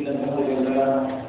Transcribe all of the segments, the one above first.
إن الحمد لله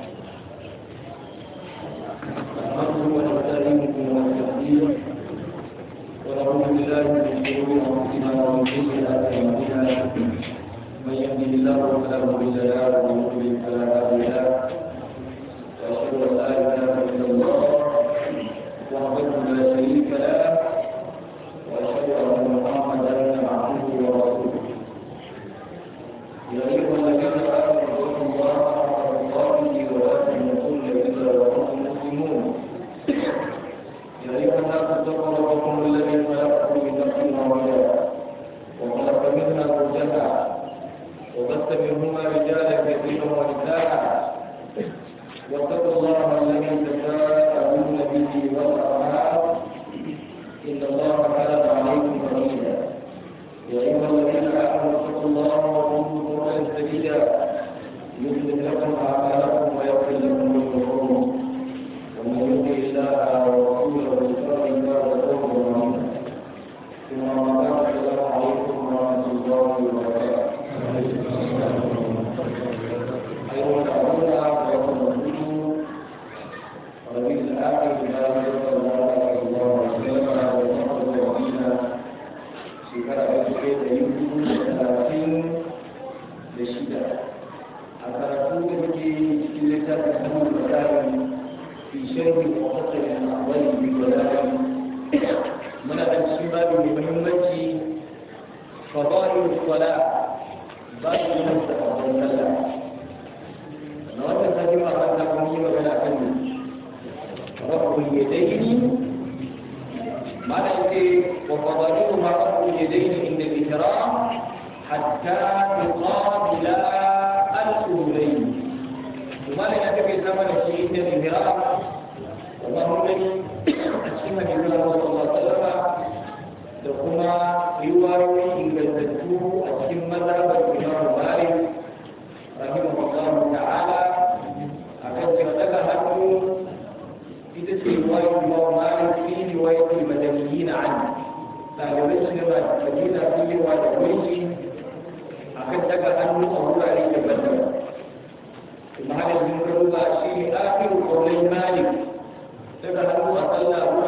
ɗalibai su gaba da kabila sun yi wa da wuri a kan daga hannu a wurare daban-daban kuma hada jin ruba shi ne akiru kaulai malik daga hannu a sallah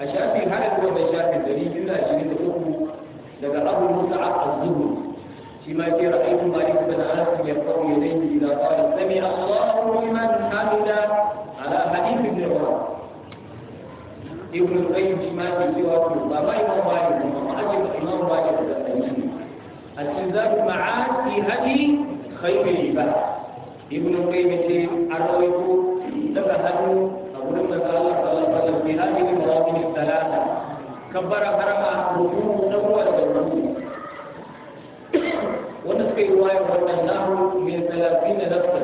a shafin hada da wannan shafin dari juna shirin da uku daga abu musa a zuhu shi ma ke ra'ayin malik bin anas ya kawo ya dai ila qala sami allahu liman hamida ala hadith ibn umar ibn qayyim shi ma ke cewa to ba mai ba mai ba ma ake ba imam malik da sanin a cikin zabi ma'asi hadi khairul ibad ibn qayyim ce a rawaito daga hannu ومن قال صلى الله عليه وسلم في هذه المراحل الثلاثة كبر حرم ركوع نبوة الرسول ونسكي رواية وأنه من ثلاثين نفسا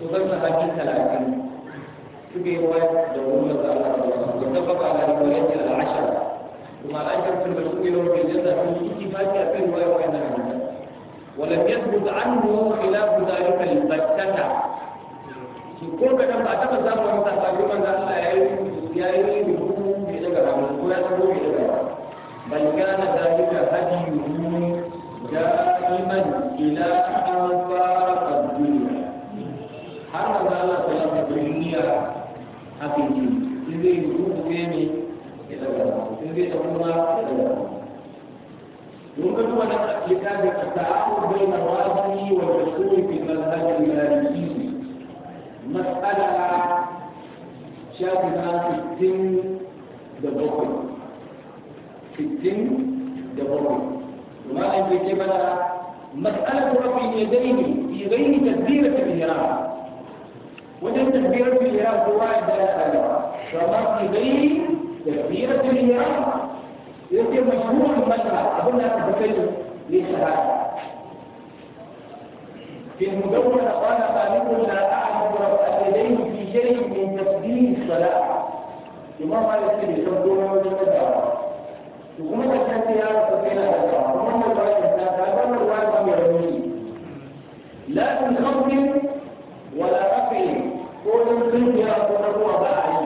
تظن هذه ثلاثين في رواية دورون واتفق على روايتها العشرة وما العشرة في المسؤول في الجنة في اتفاق في رواية وأنها ولم يثبت عنه خلاف ذلك البتة shi ko kaɗan ba taɓa samu wani sababi manzo Allah ya yi ya yi rubutu mai daga ramu ko ya tabo mai daga ramu bal kana dalika hadiyuhu da'iman ila an fara duniya har manzo Allah sallallahu alaihi wasallam haka yi in zai rubutu ne ya daga ramu in zai tabo ma ya daga ramu يمكن أن الكتاب التعاون بين الرازي والمشهور في المذهب المالكي مسألة شافنا ستين دبوكي ستين دبوكي وما أنت كبلا مسألة رفع اليدين في غير تكبيرة الإحرام وجد تكبيرة هو قواعد لا فما في غير تكبيرة الإحرام يجب مشروع المسألة أقول لك بكلمة ليس هذا في المدونة قال مالك لا أعلم رفعت يديه في شيء من تسبيح الصلاة إمام مالك في الشرطون والمدارة وكما كانت يا رب فينا هذا وما رأي الناس هذا ما رأي يرمي لا من خوف ولا رفع قول الخلف يا رب هو باعي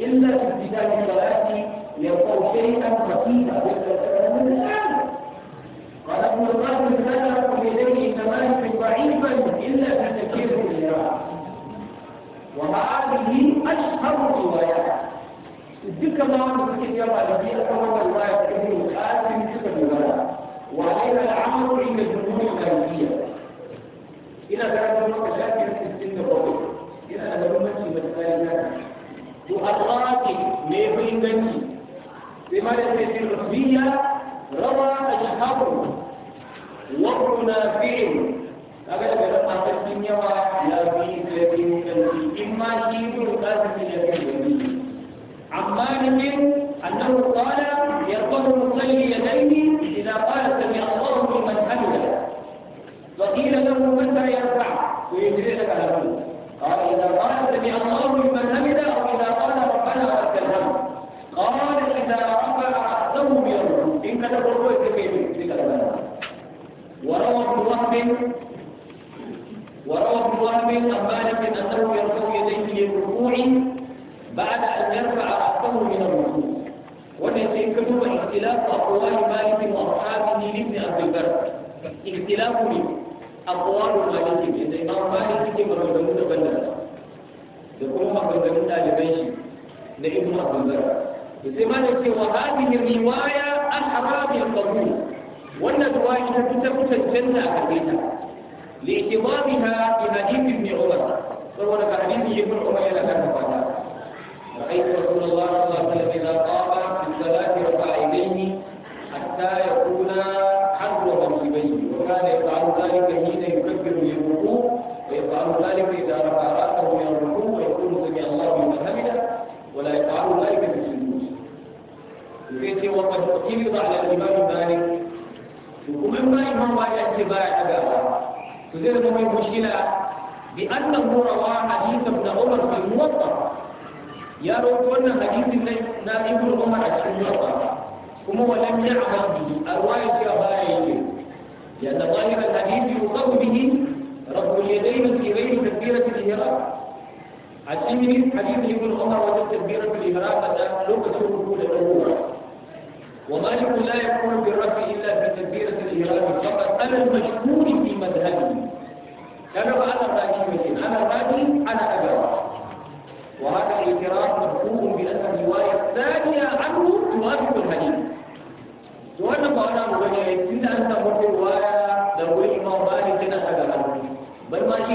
إلا في ابتداء الصلاة يلقوا شيئا خفيفا من الآن قال ابن القاسم لا يقوم اليه تماسك ضعيفا الا تتكيف الجماعه وهذه اشهر الروايات ذكر ما في الجماعه التي اقوم الروايه ابن القاسم في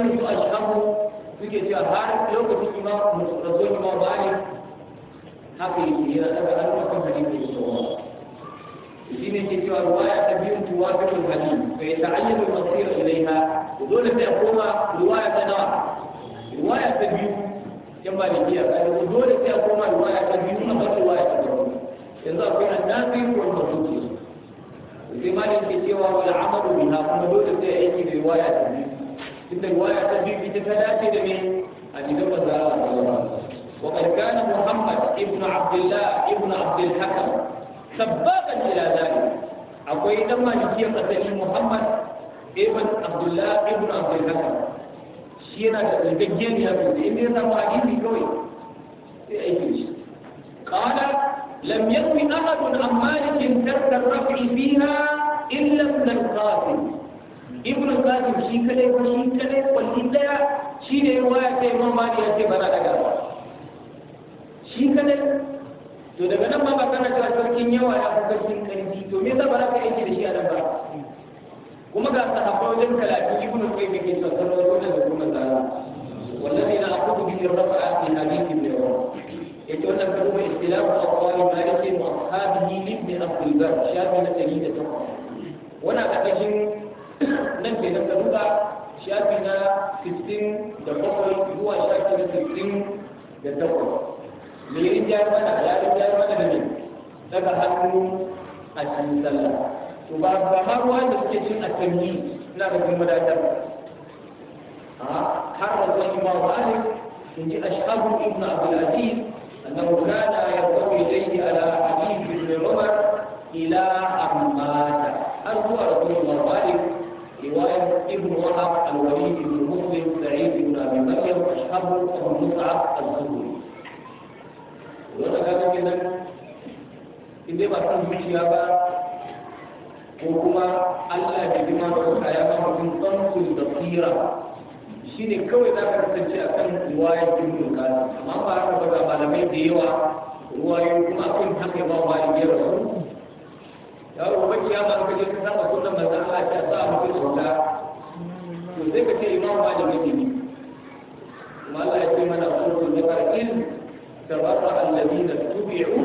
yin su a shahu suke cewa har lokacin imam rasul imam malik haka yake yana daga alƙawarin hadisi da yawa shi ne ke cewa ruwaya ta biyun tuwa ta kun hadisi bai ta ayyana masira ilaiha dole sai koma ruwaya ta nawa ruwaya ta biyu yan malikiya kaga dole sai koma ruwaya ta biyu a bar ruwaya ta biyu yanzu akwai annabi ko masuki sai malik ke cewa wal amalu biha kuma dole sai aiki da ruwaya ta إذا الواية تبين بتفلاتي لمن أن يبقى وقد كان محمد ابن عبد الله ابن عبد الحكم سباقا إلى ذلك أقول لما نجي قتل محمد ابن عبد الله ابن عبد الحكم شينا تجيني يا بنتي إني أنا ما أجيبي كوي قال لم يروي أحد عن مالك ترك الرفع فيها إلا ابن القاسم ibn qasim shi kade ko shi kade ko shi shi ne ruwa ya ce imam mali ya ce ba shi kade to daga nan ma ba kana cewa cikin yawa ya fi sarkin karfi to me zaba raka yake da shi a nan ba kuma ga sahabbai wajen talatin ibn qasim ke son sanar da wannan hukuma tsara wallahi na aqulu bi rafa'a fi hadith ibn umar yace wannan kuma istilahu aqwali maliki wa ashabihi ibn abdul bar shafi na 108 wannan a nan ke da karuka shafi na 15 da bakwai zuwa shafi na 15 da takwas me yi rijiyar mana ya rijiyar mana da ne daga hannu a cikin sallah to ba ba ma ruwa da suke cin a sanyi ina da kuma wadatar har da zai yi wa malik in ji a ashabu ibn abdulaziz annahu kana yardawi ilayhi ala hadith ibn umar ila amma har zuwa rasulullah malik رواية ابن وهب الوليد بن مسلم سعيد بن أبي مريم أشهر أبو مصعب الزهري وأنا كان كذا إذا ما كان ko kuma Allah ya bi ma da ya ba mutum tsamsun da tsira shi kawai za ka kasance a kan ruwayen ibn kazi amma ba haka ba ga malamai da yawa ruwayoyi kuma akan haka ba wa ya ya wa baki ya zaka je ka saba sunan manzon Allah ta sa mu ki sunna to sai ka ce imam ba da miki ne kuma Allah ya ce mana kullu zakar in tabarra alladhina tubi'u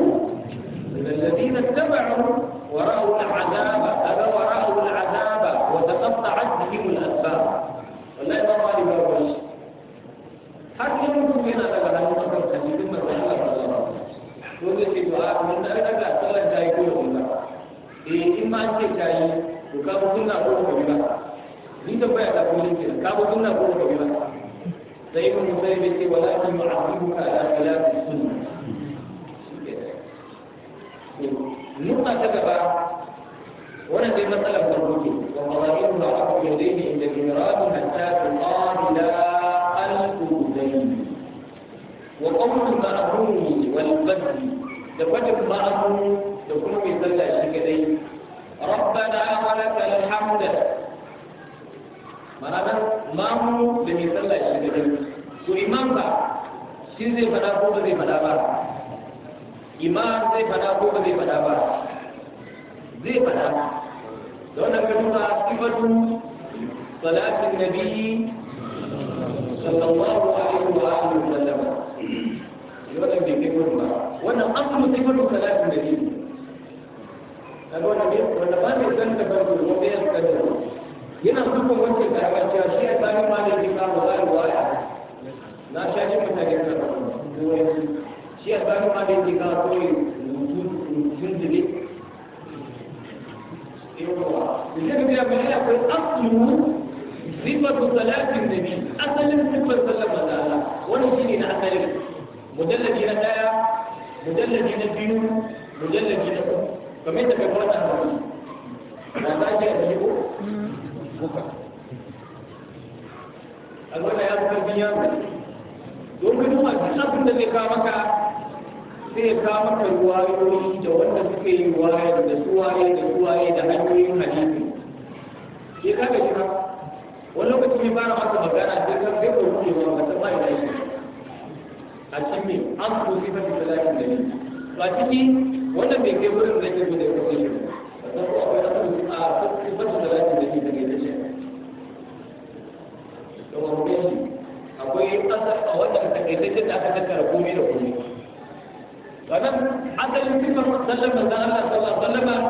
sallar manzon Allah sallallahu alaihi wasallam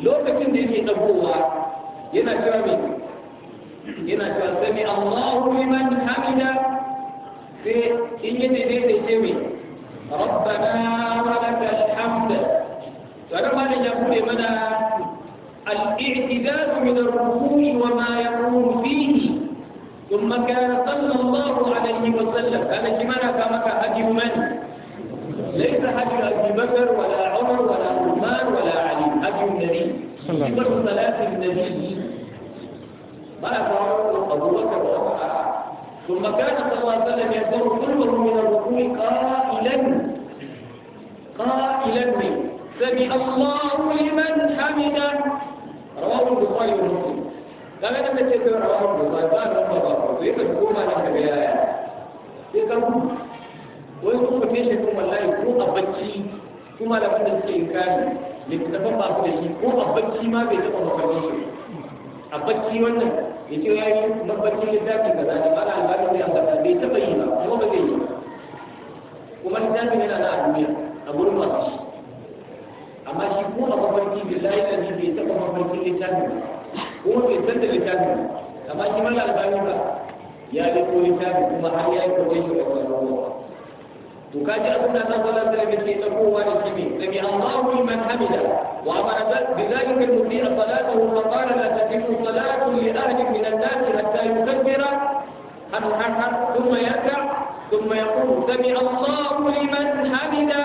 lokacin da yake dabowa yana cewa me yana cewa sami Allahu liman hamida sai in yi ne da ce me rabbana wa lakal hamd wannan ma ya bude mana al-i'tidal min ar-ruku'i wa ma yaqum fihi ثم كان صلى الله عليه وسلم كان كما كما حج من ليس حج ابي بكر ولا عمر ولا عثمان ولا علي أبي النبي صفة صلاة النبي ملك عمر أبو بكر ثم كان صلى الله عليه وسلم يحضر كل من الركوع قائلا قائلا سمع الله لمن حمد رواه البخاري ومسلم قال لما تكتب رواه البخاري قال لما بقرأ فيك تقول ما لك بها يا ويقول لك ليش يكون والله يكون أبكي Kuma da da suke inkari littattafan ba su da shi ko a bacci ma bai taɓa mafarkin shi a bacci wannan ya ce ya yi mafarkin ka kaza da na albani zai ambata bai taɓa yi ba kuma ba zai yi ba kuma littafi yana na a duniya a gurin masu shi amma shi ko a mafarki billahi da shi bai taɓa mafarkin littafi ba ko bai san da littafi ba amma shi mala albani ba ya yi ko littafi, kuma har ya yi kwatanci da kwanan to kaji abin da nan sallallahu alaihi wasallam ke tsakowa da kimi sami Allahu liman hamida wa amara bi zalika al-muti salatahu fa qala la tajibu salatu li ahli min an-nas hatta yukabbira an har thumma yarka ثم يقول سمع الله لمن حمده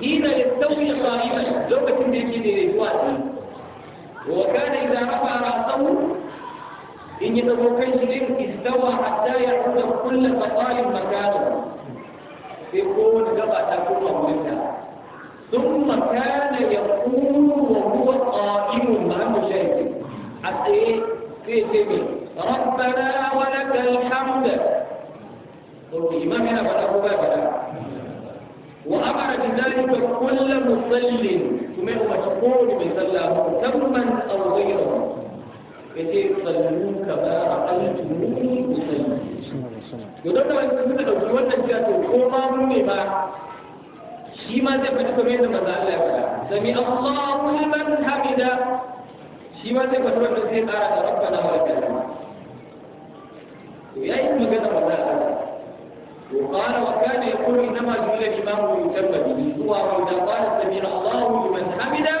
حين يستوي قائما لو كنت يجي رجواتي وكان إذا رفع رأسه إن يتوكل استوى حتى يعود كل فصال مكانه يكون جبع تكون مهمتا ثم كان يقول وهو قائم مع مشاهد حتى ايه في سبيل ربنا ولك الحمد قلت ما بلا أبو بابا وأمر بذلك كل مصل ثم هو مشغول من صلاه ثم أو غيره yace sallu kama ra'aytumuni usalli to da kan kuma da wannan cewa to ko ma mun ne ba shi ma zai fadi kamar yadda manzo Allah ya faɗa sami Allahu liman hamida shi ma zai fadi wannan sai ƙara da rabbana wa lakal to yayi magana manzo Allah وقال وكان يقول انما جل الامام يسمى به هو اذا قال سميع الله لمن حمده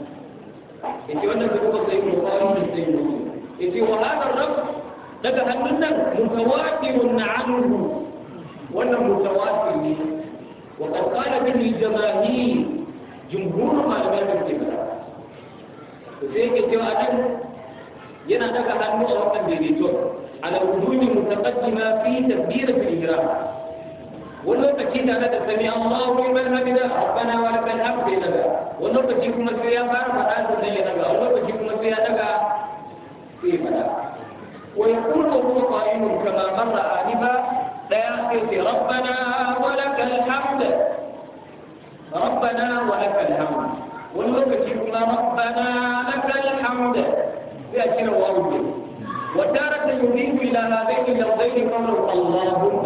yace wannan duka sai mu fara da sai mu yace wa hada rabb daga hannun nan mutawatirun anhu wannan mutawatir ne wa qad qala bihi jamaahir jumhur malaman tafsir to sai yake cewa anan yana daga hannu a wannan daidaito ala wujudi mutaqaddima fi tadbir al-ihram ولوكي da na da sami Allahu liman hamida rabbana wa lakal hamd ya daga wani lokaci kuma sai ya fara faɗa sannan ya daga wani lokaci kuma sai ya daga sai faɗa wa yaqulu huwa qa'imun kama marra anifa daya sai sai rabbana wa lakal hamd rabbana wa lakal hamd wani lokaci kuma rabbana lakal hamd sai a kira wawu ne وتارة يضيف إلى هذين اللفظين قوله اللهم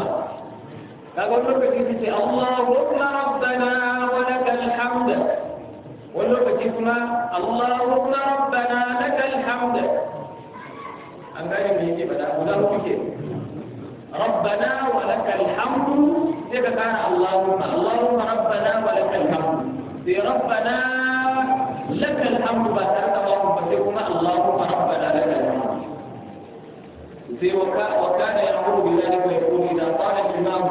kaga wani lokaci su ce Allahumma rabbana wa lakal hamd wani lokaci kuma Allahumma rabbana lakal hamd an gane me yake bada guda kuke rabbana wa lakal hamd sai ka kana Allahumma Allahumma rabbana wa lakal hamd sai rabbana lakal hamd ba tare da Allahumma sai kuma Allahumma rabbana lakal hamd sai wa kana ya'muru bi dhalika wa yaqulu idha qala al-imam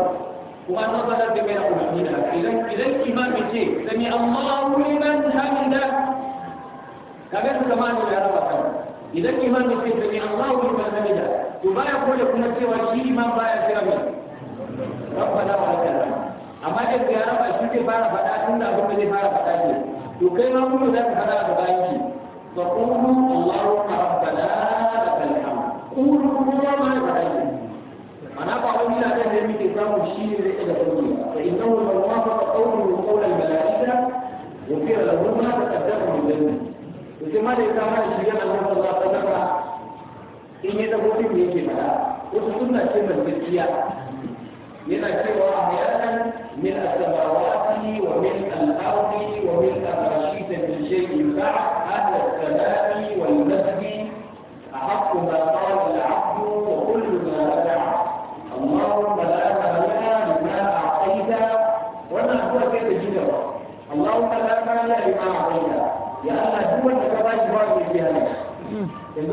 وأن ظهر بين أولئك إذا إذا الإمام يجي سمع الله لمن حمده إذا الإمام سمع الله لمن حمده وما يقول ما بايع ربنا ولك amma da ya tun da da to kai ma ka da muke samu shi ne sai ma da ita ma da shirya da wani Allah ta zama in yi dabbobin da yake mara wasu suna ce mai gaskiya yana cewa hayatan min as-samawati wa min al-ardi wa min al-arshid ke shay'in ba'a ala al-salami wal-nasbi ahqqu ma El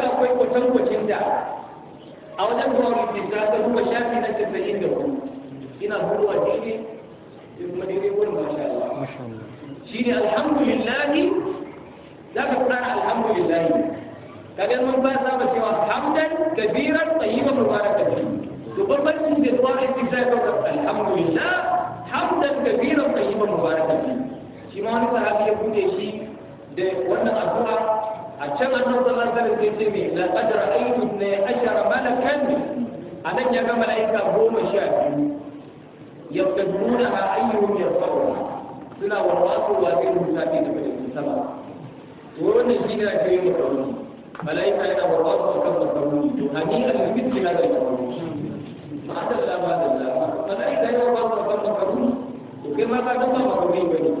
haka akwai kwatankwacin da a wajen gwamnati ta ta ruwa shafi na tattayin da ku ina buruwa daidai da kuma daidai wani masha Allah shi ne alhamdulillahi za ka kura alhamdulillahi kaga mun ba za mu cewa hamdan kabiran tayyiban mubarakan fi to bambancin da zuwa istifsar ka alhamdulillah hamdan kabiran tayyiban mubarakan fi shi ma wani sahabi ya bude shi da wannan addu'a a can annabi sallallahu alaihi wasallam ce me la qadra ayyu na ashara malakan anan ya ga malaika goma sha biyu yabtaduna ayyuhum yarfa'u suna warwaso wa zai rubuta ne da mai sama to wannan shi ne ake yin mutum malaika yana warwaso akan mutum to hani al-mithli hada al-mutum ma'adar da ba da lafa malaika yana warwaso akan mutum kai ma ka dama ba komai bane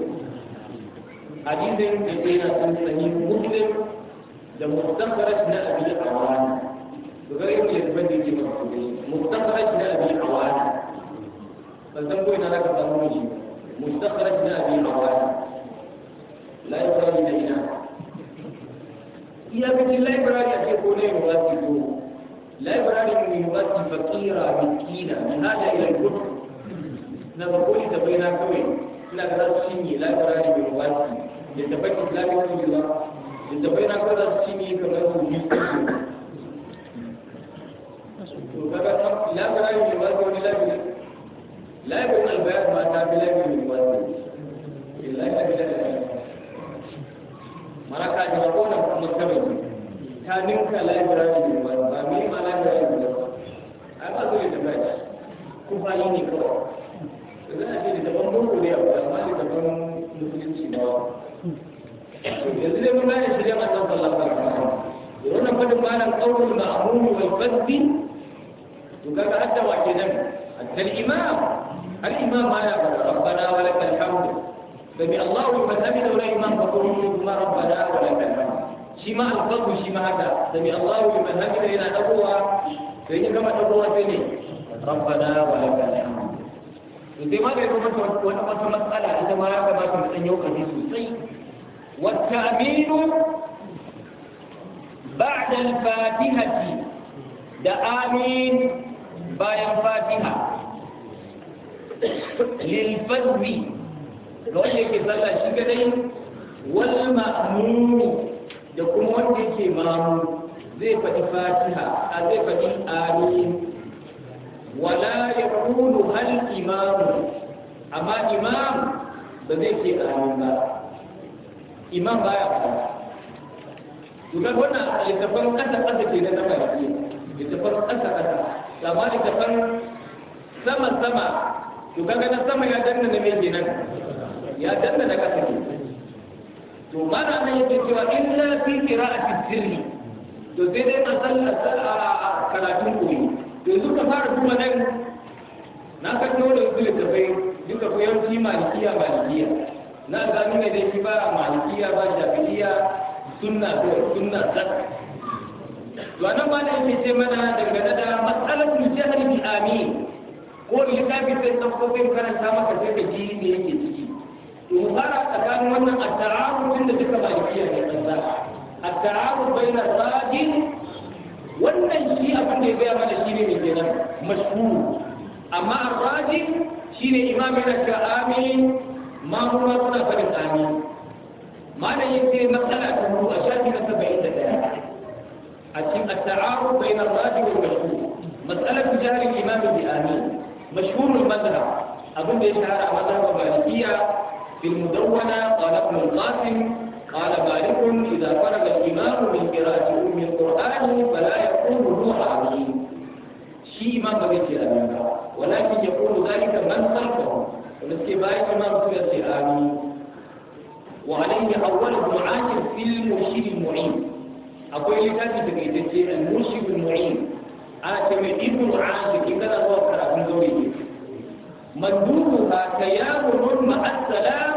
hadisin da ke na sun sani muslim da mustaqbarat na abi awan to ga yake da bane ke mafudi mustaqbarat na abi awan ban san ko ina da ka samu shi mustaqbarat na abi awan la yaqulu ina iya bi library ake ko ne ba ki to library ne ba ki fakira miskina min hada ila al-kutub na ba ko da bayna kawai ina ga shi ne library ne ba ki da tabbata library ne ba littafai na kasance ne kamar rubi to kaga labarai ne ba ta wani labarai labarin albayar ma ta fi labarin ba ta labarin eh, mara ka ji ba ko na kuma kamar ta ninka labarin ba ba mai ma labarin ba a ba zo da ba ci kuma yi ne kawai zai na ce da daban gudu a ba ma da daban musulunci ba yanzu dai mun gane shi dai annabi sallallahu alaihi wasallam wannan fadin malam qaulul ma'ruf wal fadl to kaga hadda wa kenan hatta al-imam al ma ya fara rabbana wa lakal hamd sami Allah wa sami wa imam fa qulu ma rabbana shi ma al-fadl yana sai kama sai ne sai ma da kuma wata matsala ita ma ya kamata mu san yau kaji sosai Wata والتأمين بعد الفاتحة da amin bayan fatiha lilfazmi ga wanda ke sallah shi kadai wal ma'mumi da kuma wanda ke mamu zai faɗi fatiha a zai faɗi amin wala ya kunu hal imamu amma imam ba zai ke amin ba imam baya fada duka wannan littafin kasa kasa ke da zama yake littafin kasa kasa sama littafin sama sama to kaga na sama ya danna na mai kenan ya danna na kasa ke to mana nan yake cewa illa fi qira'ati sirri to sai dai a sallar karatun koyi to yanzu ka fara kuma nan na kan dole su littafai duka koyarci malikiya malikiya na ga nuna da shi ba malikiya ba shafi'iya sunna ko sunna zak to anan ba da yake ce mana dangane da matsalatul jahri bi amin ko littafi sai tsaffofin karanta maka sai ka ji me yake ciki to fara tsakanin wannan at-tarabun da duka malikiya ne kaza. zak at-tarabun bayna sajid wannan shi abin da ya gaya mana shi ne mai kenan mashhur amma ar shi ne imam yana ka amin ما هو هنا في الثاني ما لا يمكن مثلا أنه أشاد لك بعيدة التعارض بين الراجع والمشهور مسألة جهل الإمام الآمين مشهور المذهب أبو بيشار مذهب مالكية في المدونة قال ابن القاسم قال مالك إذا فرغ الإمام من قراءة أم القرآن فلا يكون روح عليه شيء ما بيشار ولكن يقول ذلك من خلفه ونسكي باية آمين وعليه أول معاشر في المرشد المعين أقول لك هذه تقيدتي المرشد المعين آتم ابن عاشق إذا هو كرافن زوري مندوبها كيام مع السلام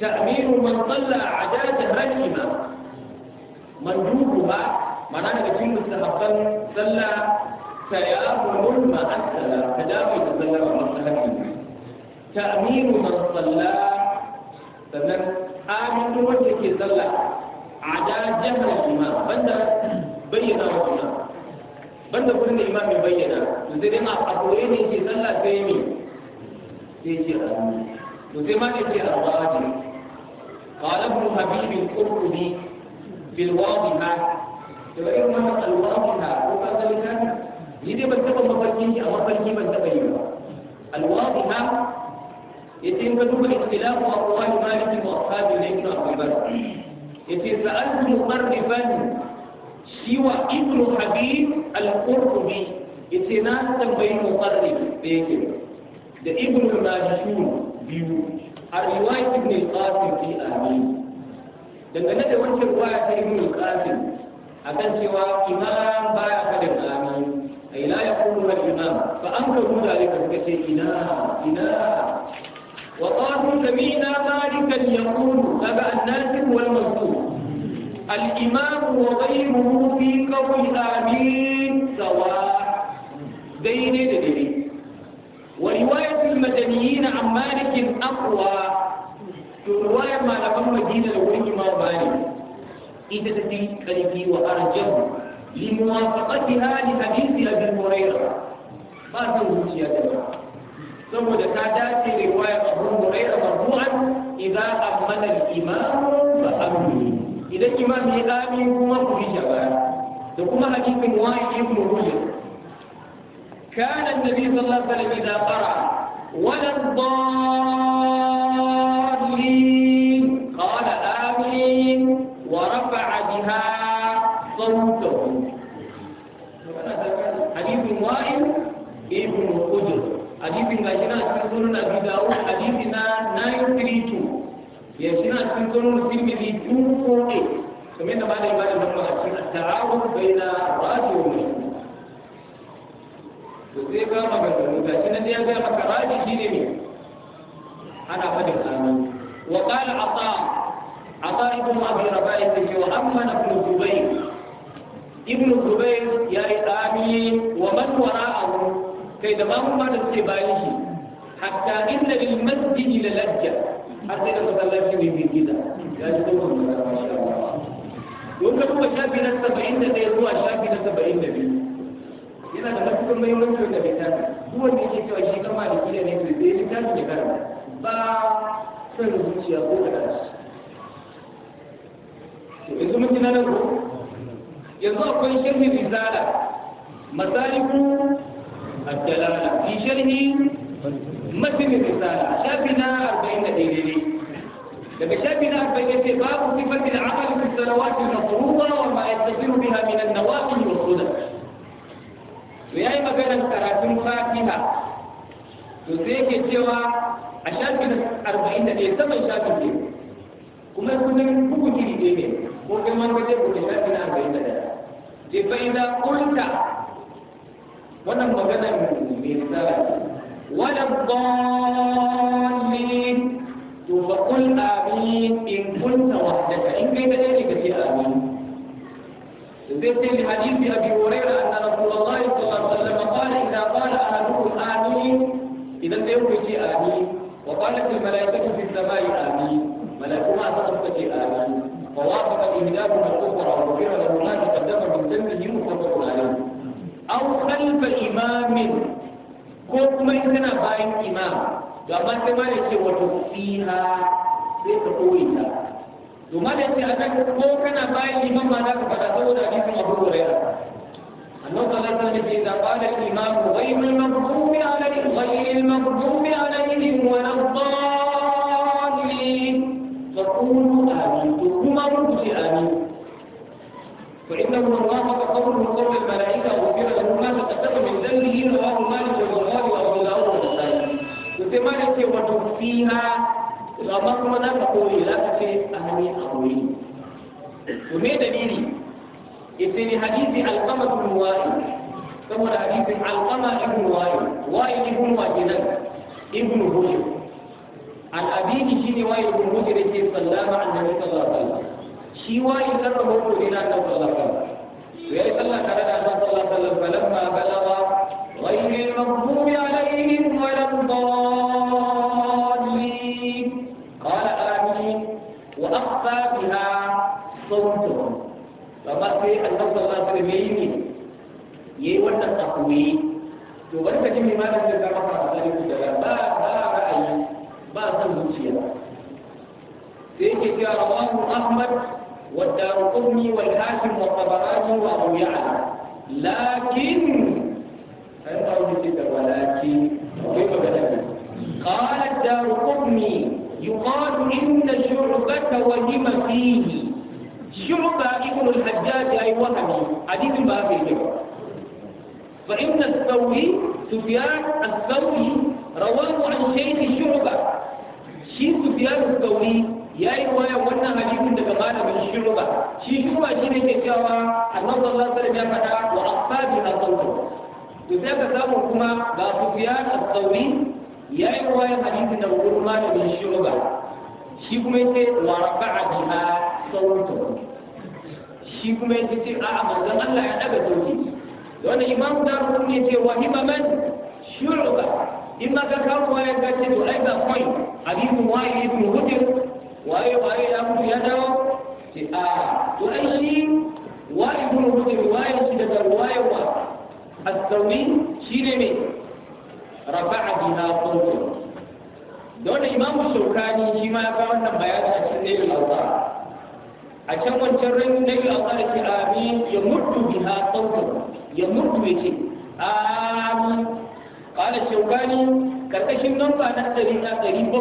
تأمير من صلى عداد هجمة مندوبها معناها نجم مستحقا صلى تيامن مع السلام تداوي تسلم مرحلة السلام ta'minu man salla sannan amintu wanda ke sallah ada jahra imam banda bayyana wa imam banda gurin da imam bayyana to sai dai ma a koyi ne ke sallah sai mi sai ce amin to sai ma ne ce arba'ati qala ibn habib al-qurtubi irin ko ni dai ban taba mafarki a mafarki ban yace in ka duba ikhtilafu aqwali maliki wa ashabi ne ibn abi bakr yace sa'altu muqarriban shi wa ibn habib al-qurtubi yace na tambayi muqarrib da yake da ibn majshun biyu a riwayat ibn al-qasim fi amin dangane da wancan riwaya ta ibn al-qasim akan cewa imam baya fadin amin ay la yaqulu al-imam fa ankaru dalika suka ce ina ina وقالوا سمينا مالكا يقول أبا الناس والمنصور الإمام وغيره في قول آمين سواء دين دين ورواية المدنيين عن مالك أقوى رواية ما لقم مدينة لولي ما مالك إذا تتي كلفي وأرجه لموافقتها لحديث أبي هريرة ما تقول يا جماعة saboda ta dace da riwayar Abu Hurairah marfu'an idza amana al-imam fa amini idan imam ya zami kuma ku bi baya da kuma hadisin wa'id ibn Hujr كان النبي صلى الله عليه وسلم إذا قرأ ولا الضالين قال آمين ورفع بها صوته حديث وائل ابن حجر hadisin ga shi na cikin sunan abi dawud hadisi na 932 ya shi na cikin sunan tirmidhi 248 kamar da malai ba da zama a cikin ta'awun baina raji wa mashhur to sai ga maganganu ga shi na da ya ga maka raji shine me ana fadin amin wa qala ata ata ibn abi rabai ce wa amma ibn zubayr ibn zubayr ya yi amin wa man wara'ahu كي دمام مال التبايه حتى إن للمسجد للجة حتى إن قد الله كمي في كذا يجبون الله ما شاء الله يوم كتب شاكنا سبعين نبي هو شاكنا سبعين نبي إذا نمسك ما يمسك النبي تاني هو اللي يشيك ويشيك ما لكي لأن يكري دي لكي تاني كارما با سنوزيش يقول الناس Yanzu mutum na nan ko? Yanzu akwai shirin rizala, matsari kuma الدلالة في شره متن الرسالة شافنا أربعين دليل لما شافنا 40 باب صفة العمل في السنوات المفروضة وما يتصل بها من النوافل والسنن وياي مكان كراتين فاتحة تسيك الجوا أشافنا 40 دليل سمع شافنا kuma kullum bugu jiri ne ko kai man gaje ko shafi na 41 je ولم magana mai tsara wala dallin to fa qul amin in kunta wahdaka in kai da ne kace ذكر لحديث ابي هريره ان رسول الله صلى الله عليه وسلم قال اذا قال احدكم امين اذا في امين وقالت الملائكه في السماء امين ملائكه في امين فوافق اهداهما الاخرى وغفر له ما تقدم من ذنبه وفضل عليه aw khalfa imamin ko kuma in kana bayan imam to ma sai ma ce wato fiha sai ka koyi ta to ma da ce akan ko kana bayan imam ma za ka saboda hadisin Abu Hurairah annabi sallallahu alaihi wasallam ce da qala imam ghayr maghdubi alaihim ghayr maghdubi wa فإنه من وافق من قول الملائكة غفر له ما تقدم من ذنبه رواه مالك والبخاري وأبو داود والنسائي وفي مالك وتخفيها الأمر كما لا تقولي لا تخفي أهلي أقولي وما دليلي إذن حديث القمة بن وائل ثم حديث القمة بن وائل وائل بن واجدا ابن هجر عن أبيه شين وائل بن هجر صلى الله عليه وسلم shi wa idan rahoto ne na kan sallallahu alaihi to yayi sallah tare da annabi sallallahu alaihi غير المغضوب عليهم ولا الضالين قال آمين وأخفى بها صوتهم فما في النبي صلى الله عليه وسلم يولى التقويم يولى جميع ما لم يكن مصر ذلك ما ما رأي ما تنزل فيه سيدي رواه أحمد والدار قطني والحاكم والطبراني وأبو يعلى لكن ولكن كيف بدأت قال الدار قطني يقال إن شعبة وهم فيه شعبة ابن الحجاج أي وهمي حديث باب الجبر فإن الثوري سفيان الثوري رواه عن شيخ شعبة شيخ سفيان الثوري يا رواية وانا malamin ba shi kuma shi ne ke cewa annabi sallallahu alaihi ya faɗa wa asabi al-qawli to sai ka samu kuma ga sufyan al-qawli ya yi ruwayan hadisin da wurin malamin ba shi kuma yake wa rafa'a biha sawtu shi kuma yake ce a'a dan Allah ya daga sauti wannan imam da kun ne ce wa himaman ba in ma ka kawo ya ka ce to ai ga point hadisin wa ibn hujr waye waye ya mutu ya dawo ce a to ai shi wa ibnu rubi riwayar shi daga riwayar wa as-sawi shine ne rafa'a biha qawlu dole imam shaukani shi ma ya ga wannan bayani a cikin nail a can wancan rai nail al da ke amin ya mutu biha qawlu ya mutu yake amin qala shaukani karkashin ba na 100 700 amin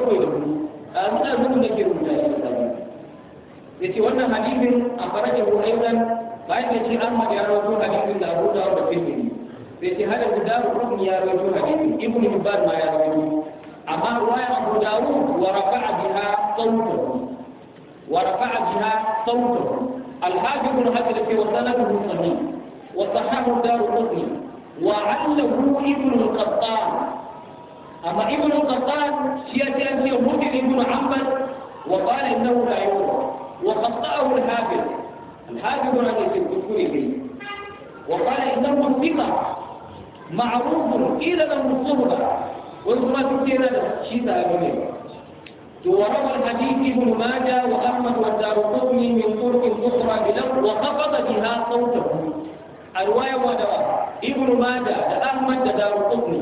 amin da ke rubuta shi yace wannan hadisin a farajar ruwaidan bayan ya ce Ahmad ya rawaito hadisin da Abu Dawud da Tirmidhi sai ce hada guda rukun ya rawaito hadisin Ibn Hibban ma ya rawaito amma ruwaya Abu Dawud wa rafa'a biha sawtahu wa rafa'a biha sawtahu الحاجب بن حجر في وسنده صحيح وصححه دار قطني وعله ابن القطان أما ابن القطان شيئا أنت يهود ابن عمد وقال إنه لا يقرأ وقطعه الحافظ الحافظ الذي في به وقال إنه ثقة معروف قيل له الصحبة وثم كثيرا شيء ثاني وروى الحديث ابن ماجه وأحمد والدار قطني من طرق أخرى بلفظ وخفض بها صوته الرواية ودواء ابن ماجه لأحمد دار قطني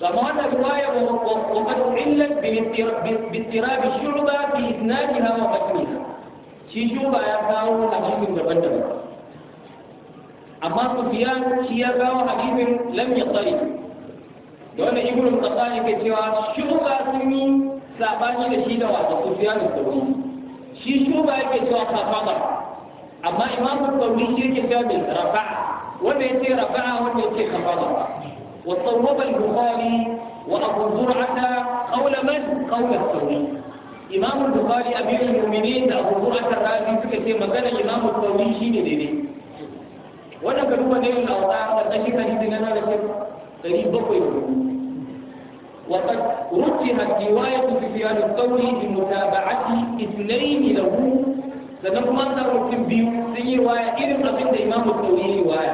فمعنى الرواية وقد علت باضطراب الشعبة في إسنادها ومتنها shi juba ya kawo hadisin daban-daban amma sufiyan shi ya kawo hadisin lam ya tsari da wanda ibnu qasani ke cewa shuba sun yi sabani da shi da wato sufiyan sauri shi shuba yake cewa kafaba amma imamu sauri shi yake cewa bil rafa'a wanda yake rafa'a wanda yake kafaba wa sawwaba al-bukhari wa abu zur'ata qawla man qawla sauri imamu bukhari amirul mu'minin da abu hurairah razi suka ce magana imamu sauri shine daidai wannan ka duba ne na wata karkashin hadisi na nawa ce dari bakwai وقد رجحت رواية سفيان الثوري بمتابعة اثنين له سنقوم أن نرتب بيو سي رواية إذن قبل إمام الثوري رواية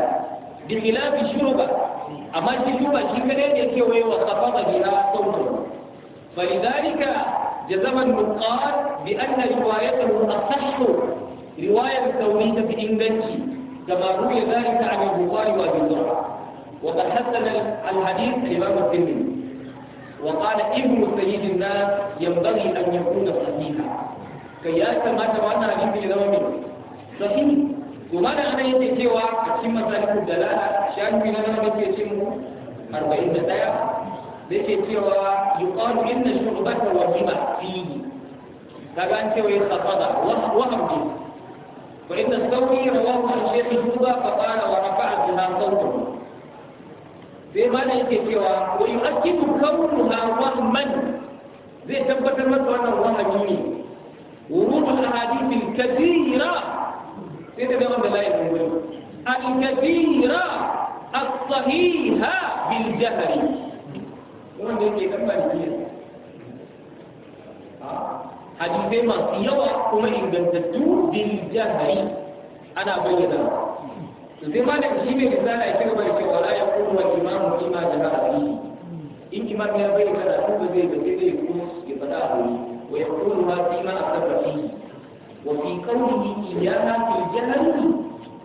بخلاف الشربة أما الشربة شكرا يكي ويوصفها بها صوته فلذلك جزم النقاد بأن روايته أصح رواية في بإنجلتي كما روي ذلك عن البخاري وأبي زرعة وتحسن الحديث الإمام الترمذي وقال ابن سيد الناس ينبغي أن يكون صحيحا كي ما تمنى حديث الإمام صحيح وما أنا يتكوى أتم مسالك الدلالة شأن من أنا يتكلم أربعين دلالة يقال إن شعبة وهمة فيه هذا أنت ويخفض وهمت وإن الثوري رواه الشيخ الجوبة فقال ورفع الزنا صوته بمعنى كثيرا ويؤكد كونها وهما زي تنبت المدوى أن الله ورود الأحاديث الكثيرة زي تبقى من الله الكثيرة الصحيحة بالجهل wanda yake karɓa jiya hadisai masu yawa kuma ingantattu bil jahari ana bayyana to sai ma da shi mai risala ya kirba ya ce wala ya kuma imamu kima da ra'ayi in imam ya bayyana da ba zai ga zai kuma ya faɗa a wuri wa ya kuma ma kima a tabbati wa fi ya iyyaka fil jahari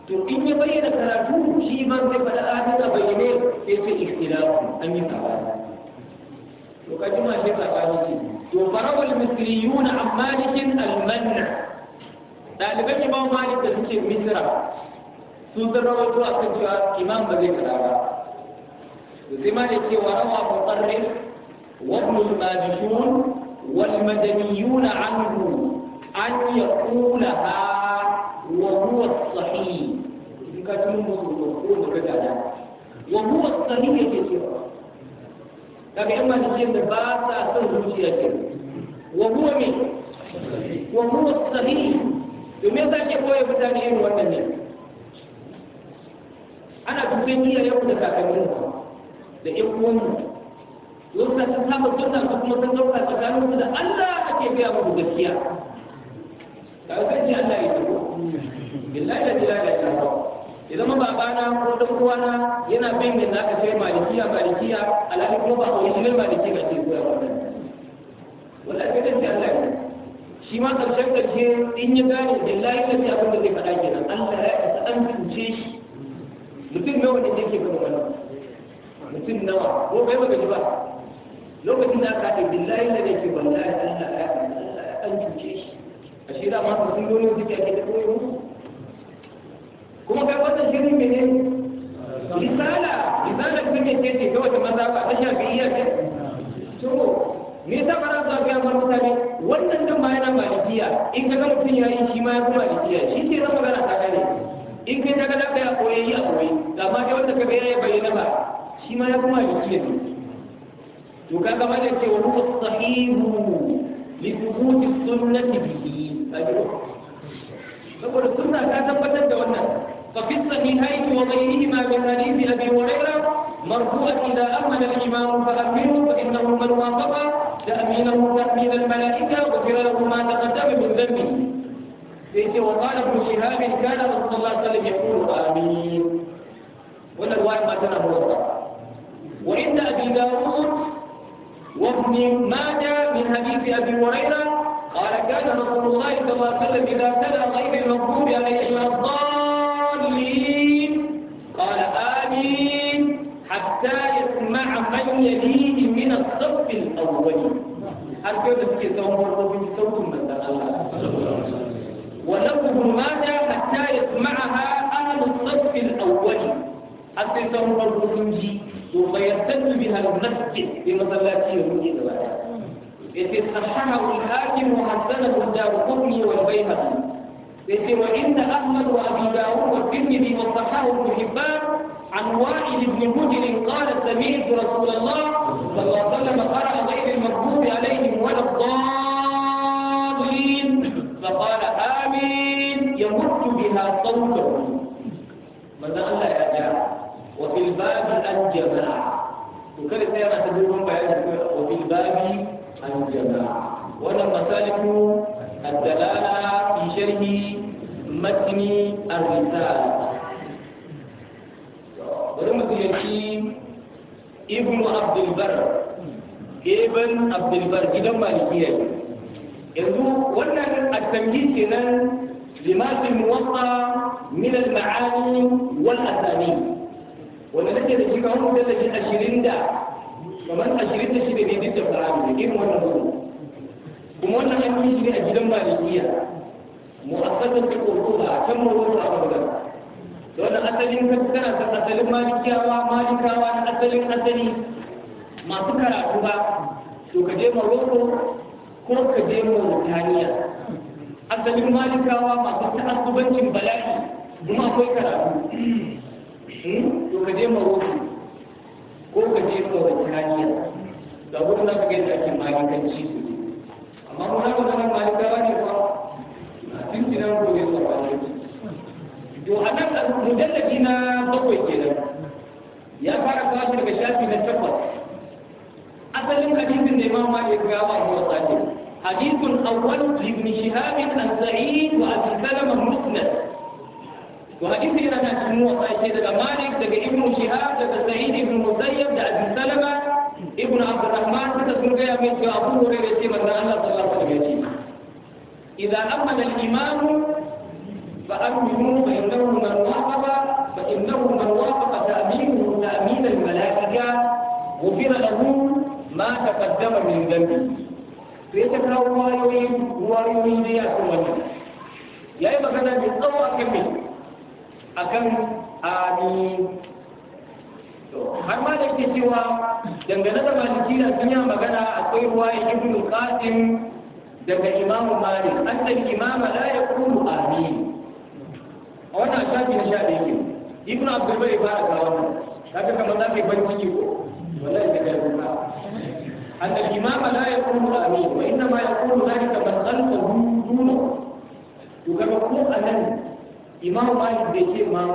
to in ya bayyana karatu shi ma zai faɗa a hada bayyane sai sai ikhtilafu an yi kawai وقدما شيخ أكاديمي وفرغ المصريون عن مالك المنع ɗaliban imam malik da suke misira sun zarrawa zuwa kan cewa imam ba zai kada ba sai ma وابن الماجشون والمدنيون عنه أن يقولها وهو الصحيح وهو الصحيح كثيرا Ka daga yan malikiyar da ba sa son zuciya ke wa huwa min, wa huwa sahih domin za ke koya mutane irin wannan ne ana tukin yau da kakannin da ƴan uwanmu yau sun saba sunna su kuma sun dauka tsakanin su da Allah ake biya muku gaskiya ka san ji Allah ya tabbata billahi da jira da jira idan ma babana ko dan uwana yana bin yadda ka kai malikiya malikiya alhali kuma ba original maliki ga cikin koyarwa wala ka dace Allah ne shi ma karshen karshe in ya gane billahi da abin da zai faɗa kenan Allah ya isa an cuce shi mutum nawa ne yake gaba wannan mutum nawa ko bai baka ji ba lokacin da aka haɗe billahi da yake wallahi Allah ya Allah ya an cuce shi a shi da ma mutum dole suke ake da koyo kuma kai wannan shirin mene risala risala ta me ce ce ta wata maza ba ta shafi iya ce to me yasa ba za su ga yamar mutane wannan dan ma yana malikiya in ka ga mutum ya yi shi ma ya kuma malikiya shi ke zama magana ta gane in kai ta ga ka ya koyi yi a koyi amma dai wanda ka ga ya bayyana ba shi ma ya kuma malikiya ne to kaga ma da cewa huwa sahihu li thubuti sunnati bihi saboda sunna ta tabbatar da wannan ففي الصحيحين وغيرهما من حديث أبي هريرة مرفوعة إذا أمن الإمام فامنوا فإنه من وافق تأمينه تأمين الملائكة غفر له ما تقدم من ذنبه وقال ابن شهاب كان رسول الله صلى الله عليه وسلم يقول آمين ولا الواحد ما كان هو وعند أبي داود وابن ماجه من حديث أبي هريرة قال كان رسول الله صلى الله عليه وسلم إذا تلا غير المغضوب عليه الضال الضالين قال آمين حتى يسمع من يليه من الصف الأول أرجو لك سوف ربي سوف من الله ولهم ماذا حتى يسمعها أهل الصف الأول حتى يسمع الرسول ثم يرتد بها المسجد بمثلات يهودي إذ صححه الحاكم وحسنه الدار قرني والبيهقي وإن أحمد وأبي داود والترمذي والصحاح بن حبان عن وائل بن مجر قال سمعت رسول الله صلى الله عليه وسلم قرأ غير المغضوب عليهم ولا الضالين فقال آمين يمت بها صوته ماذا قال يا جماعة وفي الباب الجماعة وكل سيارة تدورون بعيد وفي الباب الجماعة ولا مسالك الدلالة في شره متن الرسالة ورمزيكي ابن عبد البر ابن عبد البر إذا ما لكي يقول وانا التمهيد لنا لما في الموقع من المعاني والأساني وانا لكي نجيب عنه ذلك أشرين دا ومن أشرين تشرين دي تفرامي كيف وانا نقول وانا نقول لكي أجل ما لكي يقول mu'assasar ta kokoba a can mawar a wadda wani asalin kaskara ta asalin malikiyawa malikawa na asalin asali masu karatu ba to ka je maroko ko ka je mauritaniya asalin malikawa masu ta'assubancin bala'i kuma akwai karatu hmm? to ka je maroko ko ka je mauritaniya da wurin za kake da ake malikanci amma mun haka zama malikawa ne ba jinjina gobe da wani to a nan mujallabi na bakwai kenan ya fara kawo daga shafi na takwas asalin hadisin da imam malik ya ba mu wasaje hadithun awwal ibn shihab an sa'id wa abi salama musnad to hadisi yana da cikin wasaje daga malik daga ibn shihab daga sa'id ibn musayyab da abi salama ibn abdurrahman suka sun gaya mai cewa abu hurairah ce manzo Allah sallallahu alaihi wasallam إذا أمن الإمام فأمنوا فإنه من وافق فإنه من وافق تأمينه تأمين الملائكة غفر له ما تقدم من ذنبه فيتكرر روايوي روايوي دي أكون وجه يا إما كان بالقوة أكمل أكمل آمين har ma da ke cewa dangane da malikiya sun yi magana akwai ruwa ya ibn qasim ذكى إمام مالك أن الإمام لا يقول آمين وانا أشاهد يشاء أشاهد ابن أشاهد البيع أشاهد الله أشاهد كما أشاهد يبني أشاهد ولا أشاهد أن أشاهد لا أشاهد آمين أشاهد يقول أشاهد من أشاهد دونه أشاهد أن أشاهد مالك أشاهد إمام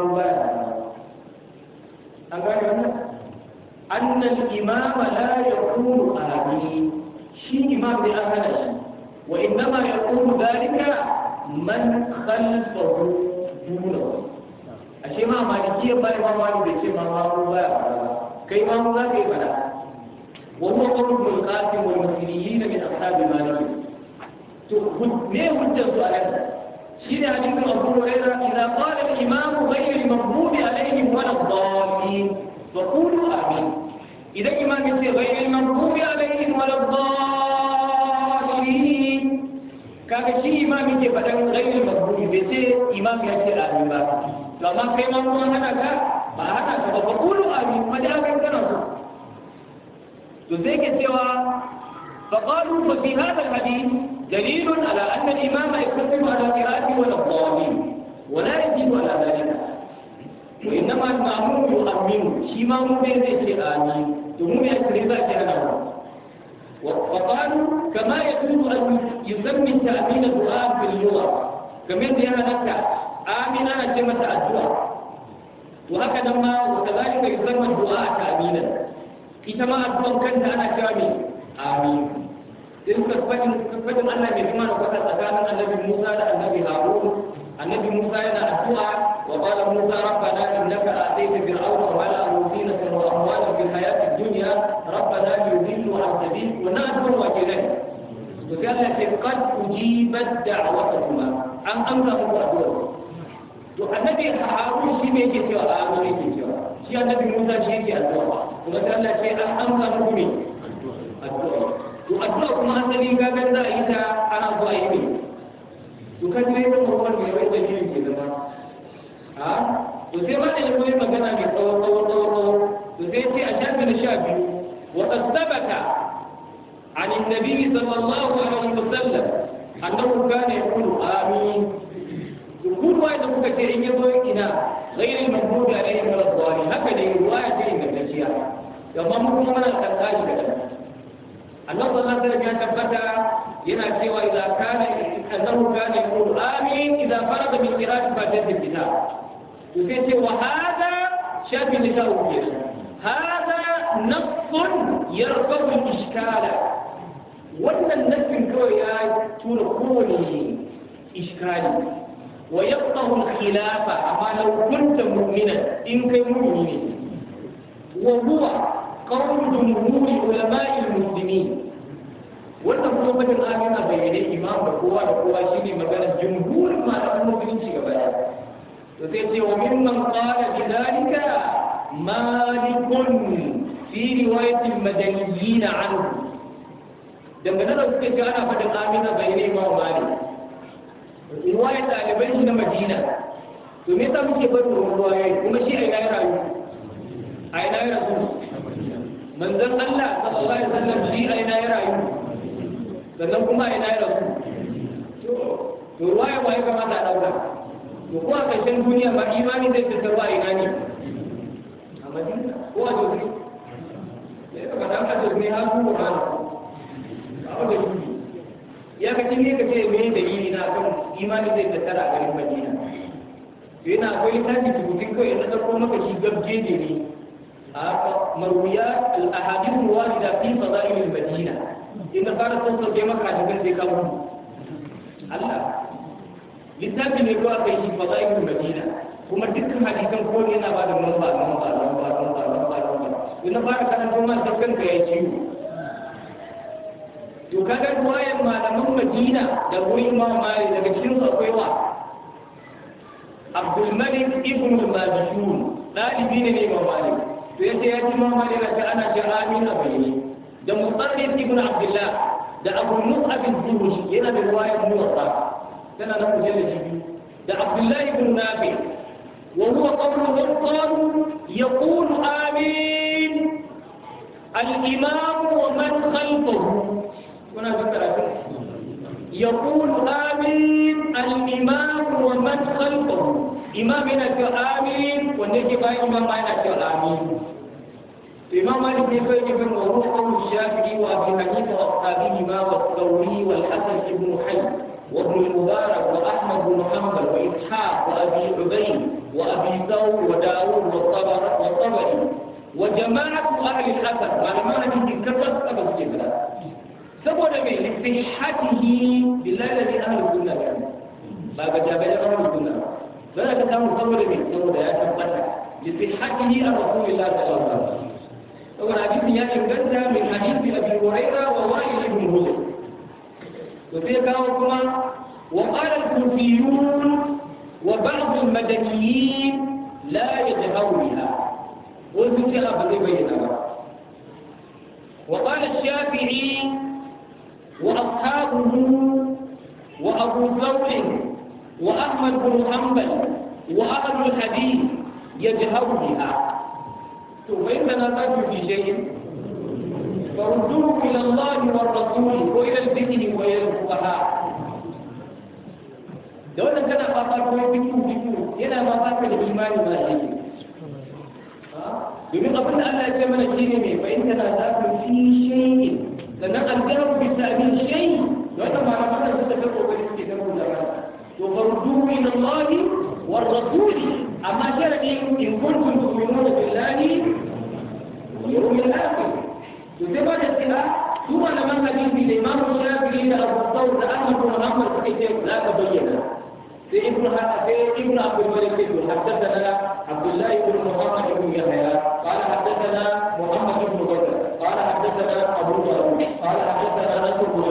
أشاهد أن الإمام أشاهد يقول أشاهد شيء أشاهد بأهل الشيء وإنما يكون ذلك من خلفه دونه أشياء ما مالكية بل ما مالو بشيء ما مالو با كيف ما مالو كيف لا وهو قول ابن القاسم والمسيحيين من أصحاب المالك تخدمه الجزء أيضا شيء عليه من أبو هريرة إذا قال الإمام غير المغضوب عليهم ولا الضالين فقولوا آمين إذا إمام غير المغضوب عليهم ولا الضالين عليه kaga shi ce ke faɗan gairin maghdubi bai ce imam ya ce amin ba to amma kai ma kuma hana ka ba hana ka ba kulu amin fa da kan kana so to zai ke cewa fa qalu fa fi hadha al hadith dalil ala anna al imam yaqdimu ala qira'ati wa la dhamin wa la yajibu To ina wa innama al ma'mum yu'minu shi ma mu bai ce amin to mu ya kiriza kenan وقالوا كما يكون أن يسمي التأمين القرآن في اللغة كما يقول لك آمن أنا كلمة الدعاء وهكذا ما وكذلك يسمى الدعاء تأمينا إذا ما أدعو كنت أنا كامل آمين إذ تثبت أنا من وقتل وكذا تكامل النبي موسى النبي هارون النبي موسى هنا الدعاء وقال موسى ربنا انك اتيت فرعون وملأه زينة واموالا في الحياة الدنيا ربنا ليضلوا عن سبيلك ونادوا وجلك وقال لك قد اجيبت دعوتكما ان امضى الدعوة to annabi harun shi ne yake cewa a amuri yake cewa shi annabi musa shi yake addu'a kuma ta Allah ce an amsa muku ne addu'a to addu'a kuma asali ga ga za a yi ta ana zuwa yi ne to kan ne da kuma ne wai da shi ke zama ha to sai ma ne kuma magana mai tsawo tsawo tsawo tsawo to sai ce a shafin sha biyu wa tsabata an annabi sallallahu alaihi wasallam annahu kana yaqulu amin to kuma da kuka ce in yazo ina غير المغضوب عليهم ولا الضالين هكذا رواية النجاشية يضمكم من القرآن annabi sallallahu alaihi wasallam ya tabbata yana cewa idza kana annahu kana yaqulu amin idza farada min qira'ati fatihatil kitab to sai ce wa hada shafi nisa'u kenan hada nafsun yarfaru iskala wannan nafin kawai ya tura kowane iskali wa yaqtahu al amma law kunta mu'mina in kai mu'mini ne wa huwa قول جمهور علماء المسلمين wannan kuma fadin amina bayyane imam da kowa da kowa shine maganar jumhurin malaman musulunci gaba daya to sai ce wa mimman qala bidalika malikun fi riwayatin madaniyina anhu dangane da suke ga ana fadin amina bayyane imam malik riwaya ɗaliban shi na madina to me yasa muke barin ruwaye kuma shi a ina ya rayu a ina ya rasu manzon Allah sallallahu alaihi wasallam shi a ina ya rayu sannan kuma ina ya rasu to ruwaya wa ya kamata a dauka to ko a ƙarshen duniya ba imani zai fitar ba ina ne a madina ko a jirgin Ya yi kamata a jirgin har kuma ba a wajen jirgin ya ka cinye ka ce me dalili na kan imani zai tattara a garin madina to yana akwai tashi rubutun kawai na ɗauko maka shi gabje ne marwiyat al-ahadith al-warida fi fadail al-madina in ka fara son sauke maka hadisin sai ka mutu Allah littafi ne ko aka yi fadail al-madina kuma dukkan hadisan ko ne yana bada mamba mamba mamba mamba mamba mamba in fara karanta ma sai kanka ya ciwo to kaga ruwayan malaman madina da wurin mamari daga cikin akwai wa abdulmalik ibn al-majshun dalibi ne ne mamalik to yace ya ji mama ne ta ana ta amina bayani da mutarrid ibn abdullah da abu mus'ab az-zuhri yana da riwayat muwatta tana na mujallad biyu da abdullah ibn nabi wa huwa qawlu al-qur'an yaqulu amin al-imam wa man khalfahu kuna karatu يقول آمين الإمام ومن خلفه imam yana cewa amin wanda yake bayan imam ma yana cewa amin to imam malik ne bai ibn ruhu qawl shafi'i wa abi hanifa wa ashabihi ma wa thawri wal hasan ibn hayy wa ibn mubarak wa ahmad ibn hanbal wa ishaq wa abi ubayd wa abi thawr wa daud wa tabari wa tabari wa jama'atu ahli al-athar malaman hadisi kasar aka ce saboda mai lissihatihi billahi ahli sunna ba ga jabai ذلك كان مصور من سورة يا شبكة لصحته عن رسول الله صلى الله عليه وسلم طبعا عجبني يا شبكة من حديث أبي هريرة ووائل بن هزم وفي كانوا كما وقال الكوفيون وبعض المدنيين لا يجهرونها قلت كلا بذي بينها وقال الشافعي وأصحابه وأبو ثور وأحمد بن محمد وأهل الحديث يجهر بها فإننا نجد في شيء فردوه إلى الله والرسول وإلى الدين وإلى الفقهاء لو أنك أنا فاطر كوي بيكو بيكو هنا ما فاطر الإيمان ما هي يقول قبل أن أتمنى الشيء فإنك لا تأكل في شيء لأنك أنت في بسأمين شيء لو أنت ما رفعنا ستكبر وبرك كتابه لرأسك وبردوه من الله والرسول أما شرعي إن كنتم تؤمنون بالله واليوم الآخر تتبع الاستلاء ثم لما نجد الإمام الشافعي أبو الثور أحمد بن محمد حيث لا تبين ابن ابن عبد الملك بن حدثنا عبد الله بن محمد بن يحيى قال حدثنا محمد بن بدر قال حدثنا ابو داود قال حدثنا نصر بن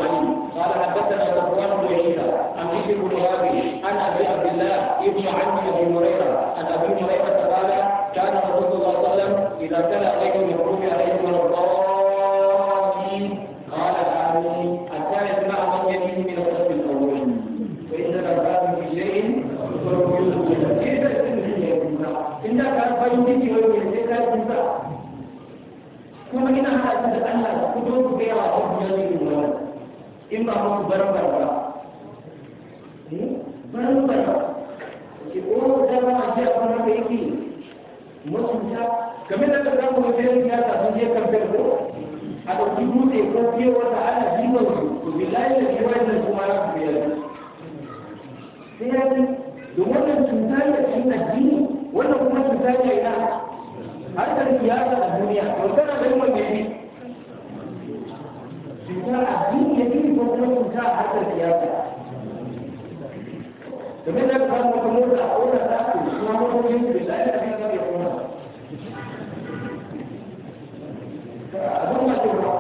حدثنا رضوان بن يزيد عن ابي بن وهب عن ابي عبد الله ابن عم ابي هريره عن ابي هريره قال كان رسول الله صلى الله عليه وسلم اذا تلا عليكم يخرج عليكم من الضالين قال امين حتى يسمع من يمين من الصف الاول فاذا كان في شيء إذا كان بينك وبين كما إنها أن الله كتب بها حجة الولد in ba mu barbar ba eh? ba ki ko da ba a ji abin da yake mutunta game da kan mu da ya ta sun je kan ko a dauki dutse ko ke wata ana jiwon su billahi da ke wannan kuma za biya sai ya da wannan cuta ne a cikin addini wannan kuma cuta ne a ina harkar siyasa a duniya to tana da yawan ne gwamnatin ta hada siyasa domin da ba mu kamar da aure ta ku kuma mun yi da lafiya da kuma abun da ba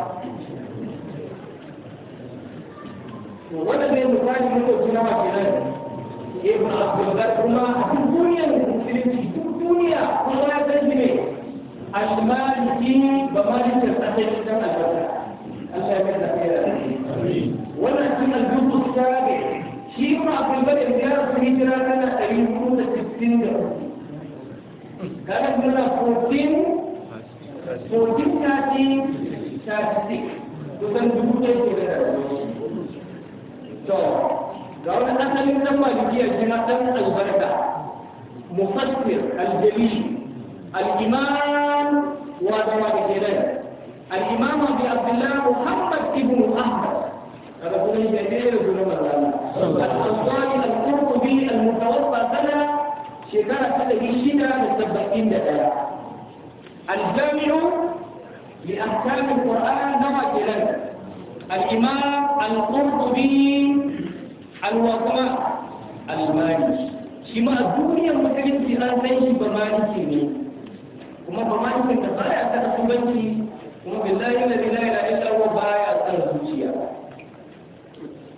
to wannan ne misali ne ko kuma ma kenan ibn abdul bar kuma a duk duniyar musulunci duk duniya kuma ya san shi ne al-maliki ba malikin sahihin dan al-bar Allah ya kada hijira tana ɗari hudu da sittin da hudu kaga kuna 14 14 30 36 kusan dubu ɗaya ke da to ga wani asalin nan malikiyar jina ɗan albarka mufassir aljali الإمام وزواج الجلال الإمام أبي عبد الله محمد ابن أحمد هذا هو الجلال بن مدانا الأنصار القرطبي المتوفى سنة شكرة تدري شدة للسبعين دقيقة الجامع لأحكام القرآن نوع كلام الإمام القرطبي الوضع المالي شما الدنيا مثلت في أرضيه بمالك منه kuma ba ma yakin da baya ta asubanci kuma billahi la ilaha illa huwa baya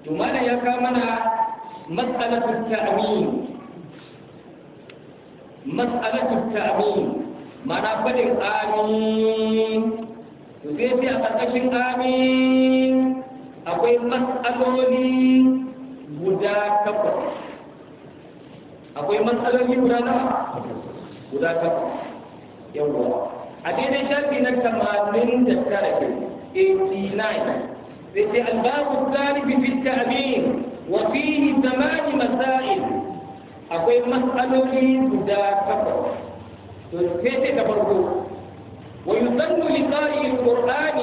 to ya ka mana matsalatu ta'min matsalatu ta'min mana fadin amin to sai sai a ƙarƙashin amin akwai matsaloli guda takwas akwai matsaloli guda na guda takwas yawwa a daidai shafi na tamanin da tara 89 الباب الثالث في التأمين وفيه ثمان مسائل أقول مسألة لي بدا كفر تثبت ويسن لقارئ القرآن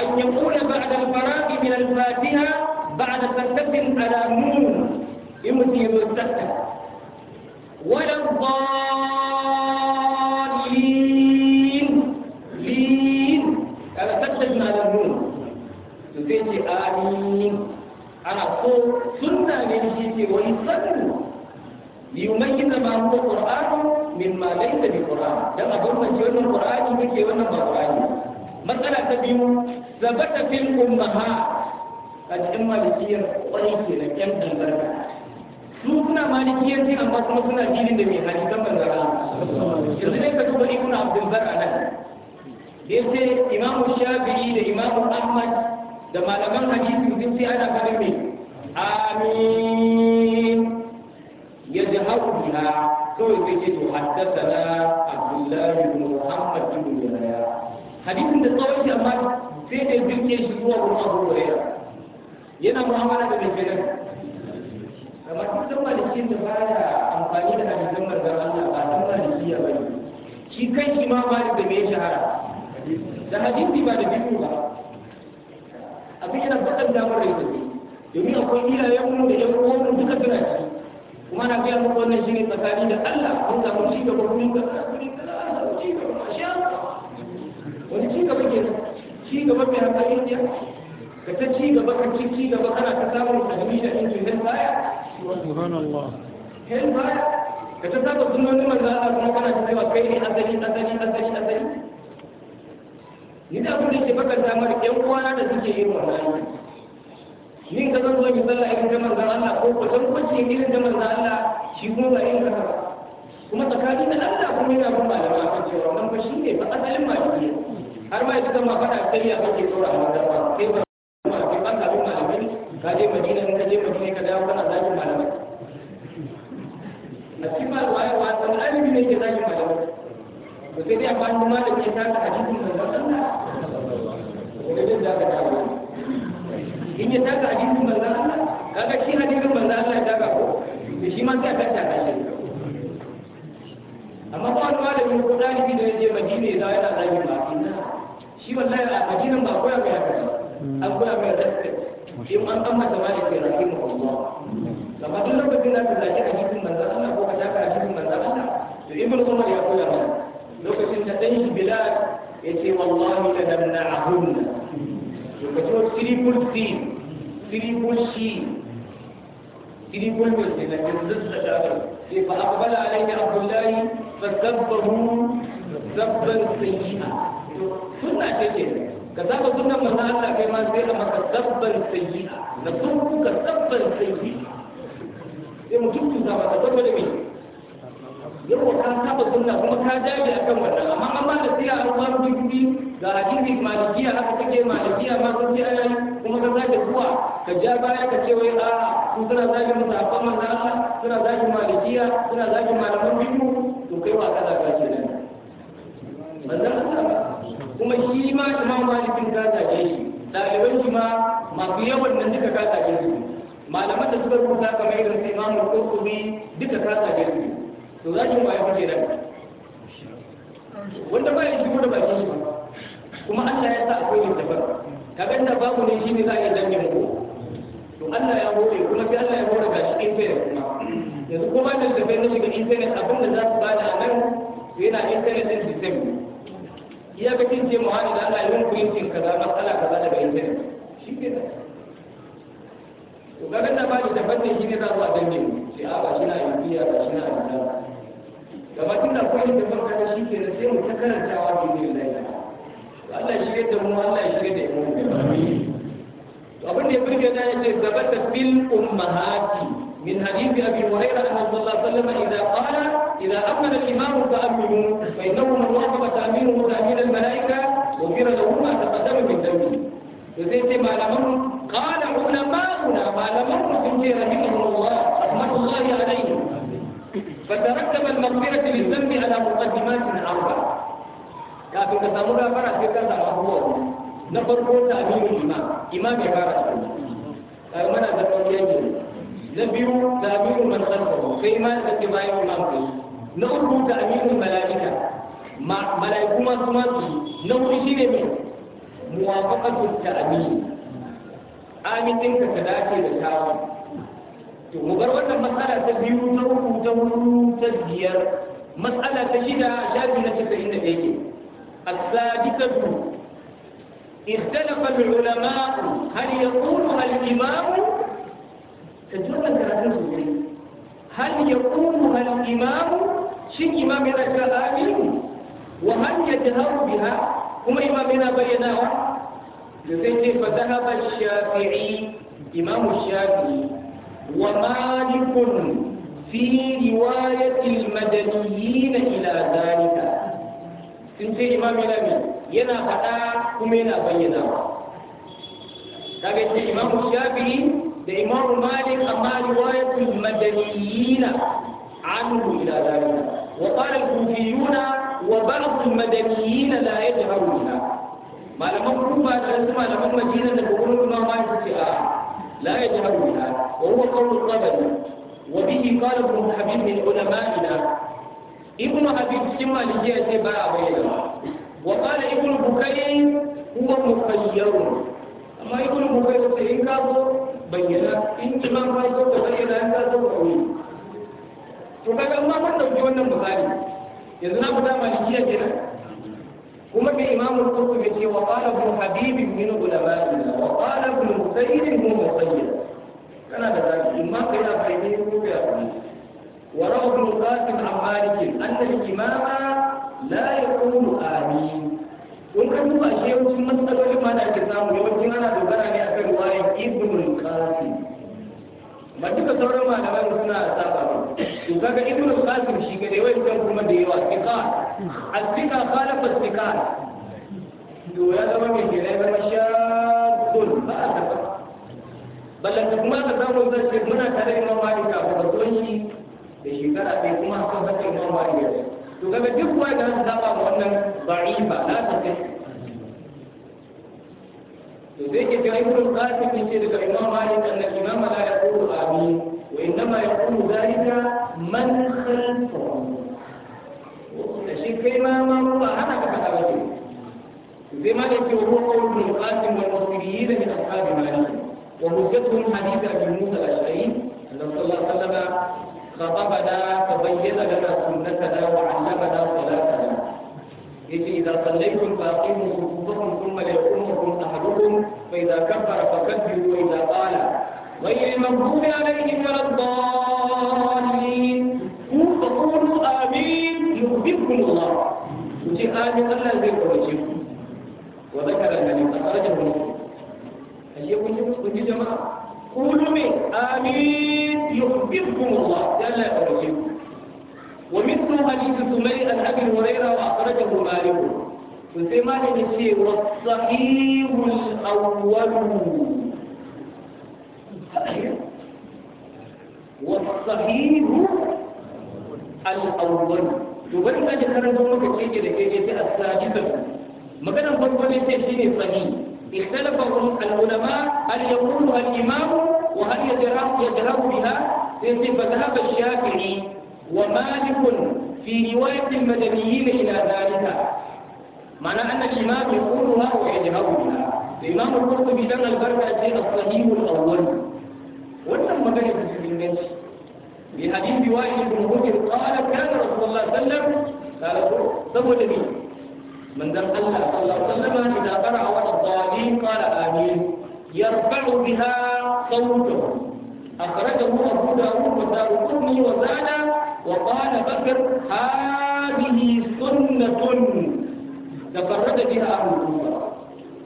أن يقول بعد الفراغ من الفاتحة بعد سكتة على نون يمتي يستفتح ولا الضال ta biyu zabata fil ummaha a cikin malikiyar kwai ke na kyan albarka su suna malikiyar ce amma kuma suna filin da mai kan banzara yanzu ne ka duba ibnu abdul bar anan yace imamu shafi'i da imamu ahmad da malaman hadisi sun ce ana faɗin me amin ya jaharu biya kawai sai ce to haddathana abdullahi ibn muhammad ibn yahya hadisin da tsawon shi amma sai da birke shi zuwa wurin abu huraira yana mu'amala da mai gidan amma duk san malikin da ba ya amfani da hadisan manzon Allah ba san shi ya bari shi kai shi ma malik da mai shahara da hadisi ba da bibu ba abin yana faɗan damar da da domin akwai iyayenmu da yan uwanmu duka suna ci kuma na biya muku wannan shi ne tsakani da Allah kun samu shi gaba kun ci gaba ke ci gaba mai haka indiya ka ta ci gaba ka ci kana ta samun kalmi da inji hen baya subhanallah hen baya ka ta saba sunan manzon a kuma kana ta cewa kai ne asali asali asali asali ni da abin da ke bakanta mara ƴan uwana da suke yin wannan ni ka zan zo mi sallah irin da manzon Allah ko ko san kwace irin da manzon Allah shi kuma ba irin ka kuma tsakanin da Allah kuma yana bin a kan cewa wannan ba shi ne ba asalin malama har ma yanzu ma kana tsayya a wannan ba sai ba ban da mun ka ka je madina ka dawo kana Na cikin wa san ne ke to sai amma ni Allah da jin da ka in ya taka hadisin Allah kaga shi hadisin Allah ya taka ko shi amma ko da ya madina ya dawo yana zagin shi wallahi a addinin ba koya mai haka an koya mai respect in an an mata mali ke rahimu Allah amma duk lokacin da ka zaki a cikin manzon Allah ko ka taka a cikin manzon Allah to ibnu Umar ya koya mana lokacin da dan shi Bilal yace wallahi la namna'ahun lokacin triple C triple C triple C da kan zuwa da fa aqbala alayhi Abdullah fa zabbahu zabban sayyi'a suna ce ke ka saba suna manzo Allah kai ma sai da maka dabban sayyi na sunku ka dabban sayyi sai mutum tun zaba ka dabban da mai yau ka saba suna kuma ka dage akan wannan amma ba da sai a ruwan dubi ga hadisi malikiya haka take malikiya ma sun ce ayayi kuma ka sake zuwa ka ja baya ka ce wai a su suna zagin musafan manzo Allah suna zagin malikiya suna zagin malaman biyu to kai wa ka zaga kenan manzo Allah kuma shi ma imam malikin ka zage shi daliban shi ma masu yawan nan duka ka zage su malaman da suka rubuta kamar irin su imam al-qurtubi duka ka zage su to zaki mu ayi kuke nan wanda ba ya shigo da bakin shi kuma Allah ya sa akwai littafin kaga inda babu ne shi ne za a yi zanyen mu to Allah ya hore kuma sai Allah ya hore ga shi internet kuma yanzu kuma da da na shiga internet abin da za su bada a nan yana internet system iya ka kince mu hani da Allah yin kuyincin kaza matsala kaza daga internet shi ke da to ga da fannin shi ne za su danne mu sai a ah, ba shi na yi iya ba shi na yi gaba tun da kwanin da farka da shi ke da sai mu ta karantawa bi ne da Allah shi ke da mu Allah shi ke da mu amin abin da ya burge na yace gaba da bil ummahati من حديث أبي هريرة أن صلى الله عليه وسلم إذا قال إذا أمن الإمام فأمنوا فإنه من وقف تأمينه تأمين الملائكة غفر له ما تقدم من ذنبه فزيت ما لمن قال علماؤنا ما لمن سنتي رحمه الله رحمة الله عليه فترتب المغفرة للذنب على مقدمات أربعة كافي تسامرها فرع في كذا وهو نفر تأمين الإمام إمام يبارك أمنا أه، ذنبه يجب na biyu da aminu man sarfahu Sai ma da ke bayan imam kai na uku da aminu malaika malaiku ma su ma su na hudu shi ne mai muwafaqatul ta'min amin din ka ka dace da tawo to mu bar wannan matsala ta biyu ta uku ta hudu ta biyar matsala ta shida shafi na 91 ke السادسة اختلف العلماء هل يقولها الإمام هل يقومها الإمام شيء إمام هنا كآمين وهل يجهر بها كما إمام هنا بيناها لذلك فذهب الشافعي إمام الشافعي ومالك في رواية المدنيين إلى ذلك sun ce imami lami yana faɗa kuma yana bayyana kaga ce imamu shafi'i الإمام مالك أما رواية المدنيين عنه إلى ذلك وقال الكوفيون وبعض المدنيين لا يجهرونها ما لم يكن بعد الأسماء لم مدينة تقول ما مالك لا يجهرونها وهو قول الطبري وبه قال ابن حبيب من علمائنا ابن حبيب سمى لجهة باع بينه وقال ابن بكير هو مخير أما ابن بكير سيكابه bayyana in kiman ma ko ko bayyana an ta zo ko to kaga amma mun dauki wannan misali yanzu na fada malikiya kenan kuma bi imamul qurtubi ce wa qala ibn habib min ulama'ina wa qala ibn musayyid min musayyid kana da zaki imma kai da bayani ko ga وروى ابن القاسم عن مالك ان الامام لا يقول امين in ka duba shi yawancin matsalolin ma da ake samu yawancin ana dogara ne akan ruwayan ibnul qasim ba duka sauran malaman suna saba ba to kaga ibnul qasim shi ga dai wancan kuma da yawa tika al-tika khalafa tika to ya zama mai ba zama shakul ba a taba ballanta kuma ka samu zai ce muna tare imam malik a kuma shi da shekara ɗaya kuma a kan imam malik ya to kaga duk wanda an saba wannan da'ifa la ta fi to sai ke cewa ibnu qasim yace daga imam malik annabi imam la yaqulu amin wa innama yaqulu dhalika man khalfahu da shi kai ma ma ba hana ka faɗa ba زي ما يأتي وهو قول ابن القاسم والمصريين من أصحاب مالك وهجتهم حديث أبي موسى الأشعري أنه صلى الله عليه وسلم خطبنا فبين لنا سنتنا وعلمنا صلاتنا يجي إذا صليتم فأقيموا صفوفكم ثم ليقومكم أحدكم فإذا كفر فكبروا وإذا قال غير المغضوب عليهم ولا الضالين حديث سمير عن أبي هريرة وأخرجه مالك فسمع لنسي والصحيح الأول والصحيح الأول dubai ka ji karin zo muka ce da ke ce as-sajida maganar farko ne ce shine sahi ikhtalafa al-ulama hal yaqulu al-imam wa hal yadrahu yadrahu biha sai ce fa dhahaba shafi'i wa malikun في رواية المدنيين إلى ذلك معنى أن الإمام يقولها ويجهرها الإمام القرطبي لنا البركة الصحيح الأول وأنا مدني في في بحديث واحد بن هجر قال كان رسول الله صلى الله عليه وسلم قال سوى لي من دم الله صلى الله عليه وسلم إذا وجه الضالين قال آمين يرفع بها صوته أخرجه أبو داود وزاد القرني وزاد وقال بكر هذه سنة تفرد بها أهل الكوفة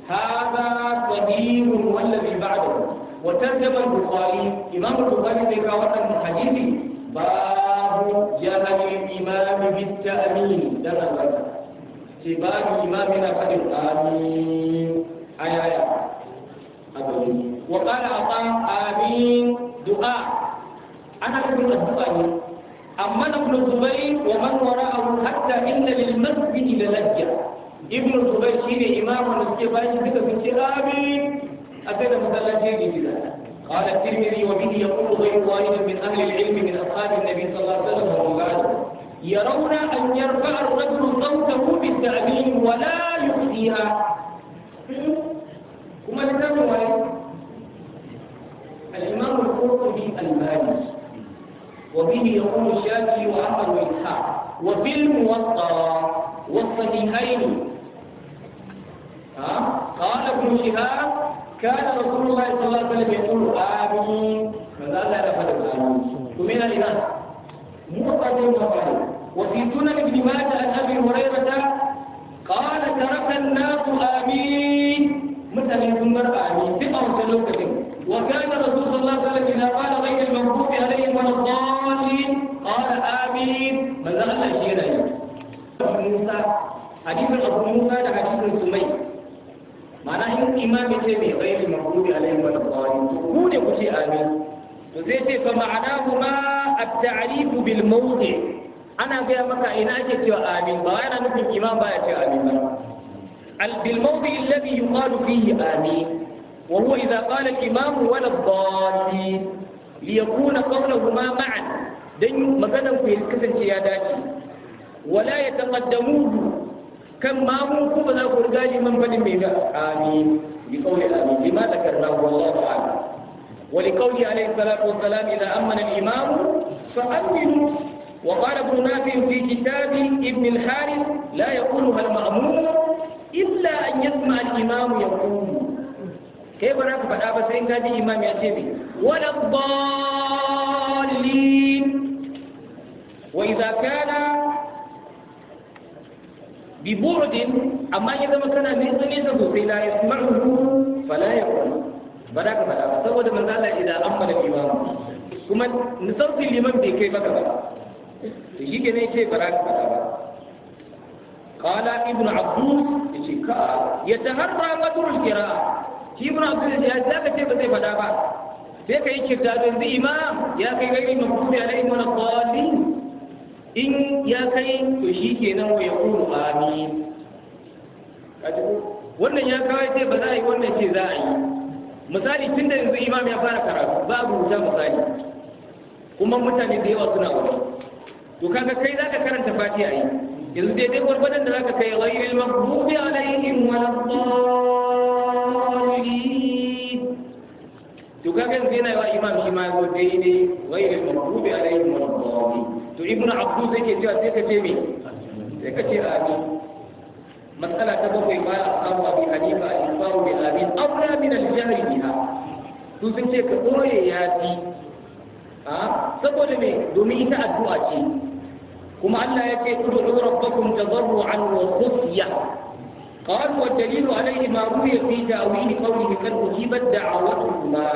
هذا قديم والذي بعده وترجم البخاري إمام البخاري في وطن الحديث باب جهل الإمام بالتأمين دنا في باب إمامنا قد آمين آي آي وقال أعطاه آمين دعاء أنا أقول الدعاء أمن ابن الزبير ومن وراءه حتى إن للمسجد لهجة ابن الزبير شيء إمام الكبائر بك في الشراب أتينا مثلا جدا قال الترمذي وبه يقول غير واحد من أهل العلم من أصحاب النبي صلى الله عليه وسلم وقال يرون أن يرفع الرجل صوته بالتعليم ولا يخزيها وما لكم الإمام القرطبي المالكي وبه يقول الشافعي وأحمد وإسحاق وفي الموطأ والصحيحين قال ابن شهاب كان رسول الله صلى الله عليه وسلم يقول آمين فلا لا يفعل آمين ومن الإمام موطا وقال وفي سنن ابن ماجه عن أبي هريرة قال ترك الناس آمين مثلا يقول آمين ثقة وسلوكة وكان رسول الله صلى الله عليه وسلم إذا قال غير المغضوب عليهم ولا الضالين قال آمين من ذا الله شيء رأي موسى حديث الرسول موسى ده حديث سمي معنى إن إمام يتبع غير المغضوب عليهم ولا الضالين تقول يقول آمين وزيت فمعناهما التعريف بالموضع أنا في مكة إن أجت آمين وأنا نفهم إمام بايت آمين بالموضع الذي يقال فيه آمين وهو إذا قال الإمام ولا الضالين ليكون قولهما معا دن مثلا في الكسر سياداتي ولا يتقدموه كم ما هو كما قال من بني ميغا آمين لقول آمين لما ذكرناه والله أعلم ولقوله عليه الصلاة والسلام إذا أمن الإمام فأمنوا وقال ابن نافع في كتاب ابن الحارث لا يقولها المأمون إلا أن يسمع الإمام يقول kai ba za ka faɗa ba sai in ka ji imam ya ce mai wala dallin wa idza kana bi bu'din amma ya zama kana ne tsane da sosai la yasma'uhu fala yaqul ba za ka faɗa ba saboda manzo Allah idan an fara imam kuma nisarfin liman bai kai maka ba to shi ne ce ba za ka faɗa ba قال ابن عبدوس يتهرى قدر القراءة shi ibn abdul ya za ka ce ba zai faɗa ba sai ka yi kirta don zai imam ya kai gari a alaihi mana salli in ya kai to shi ke nan wa ya kuru ami wannan ya kawai ce ba za a yi wannan ce za a yi misali tun da yanzu imam ya fara karatu za a rubuta misali kuma mutane da yawa suna wani to kaga kai za ka karanta fatiha yi yanzu daidai gwargwadon da zaka kai ghayril maghdubi alaihim waladdallin to kaga yanzu yana wa imam shi ma go daidai ghayril maghdubi alaihim waladdallin to ibnu abdul zai ke cewa sai ka ce me sai ka ce amin matsala ta bakwai ba a samu abi hanifa al-faru bi amin awla min al-jahl biha to sun ce ka koye yafi a ah, saboda me domin ita addu'a ce kuma Allah ya ce ربكم rabbakum tadarruan wa khufya قال والدليل عليه ما روي في تأويل قوله قد أجيبت دعوتهما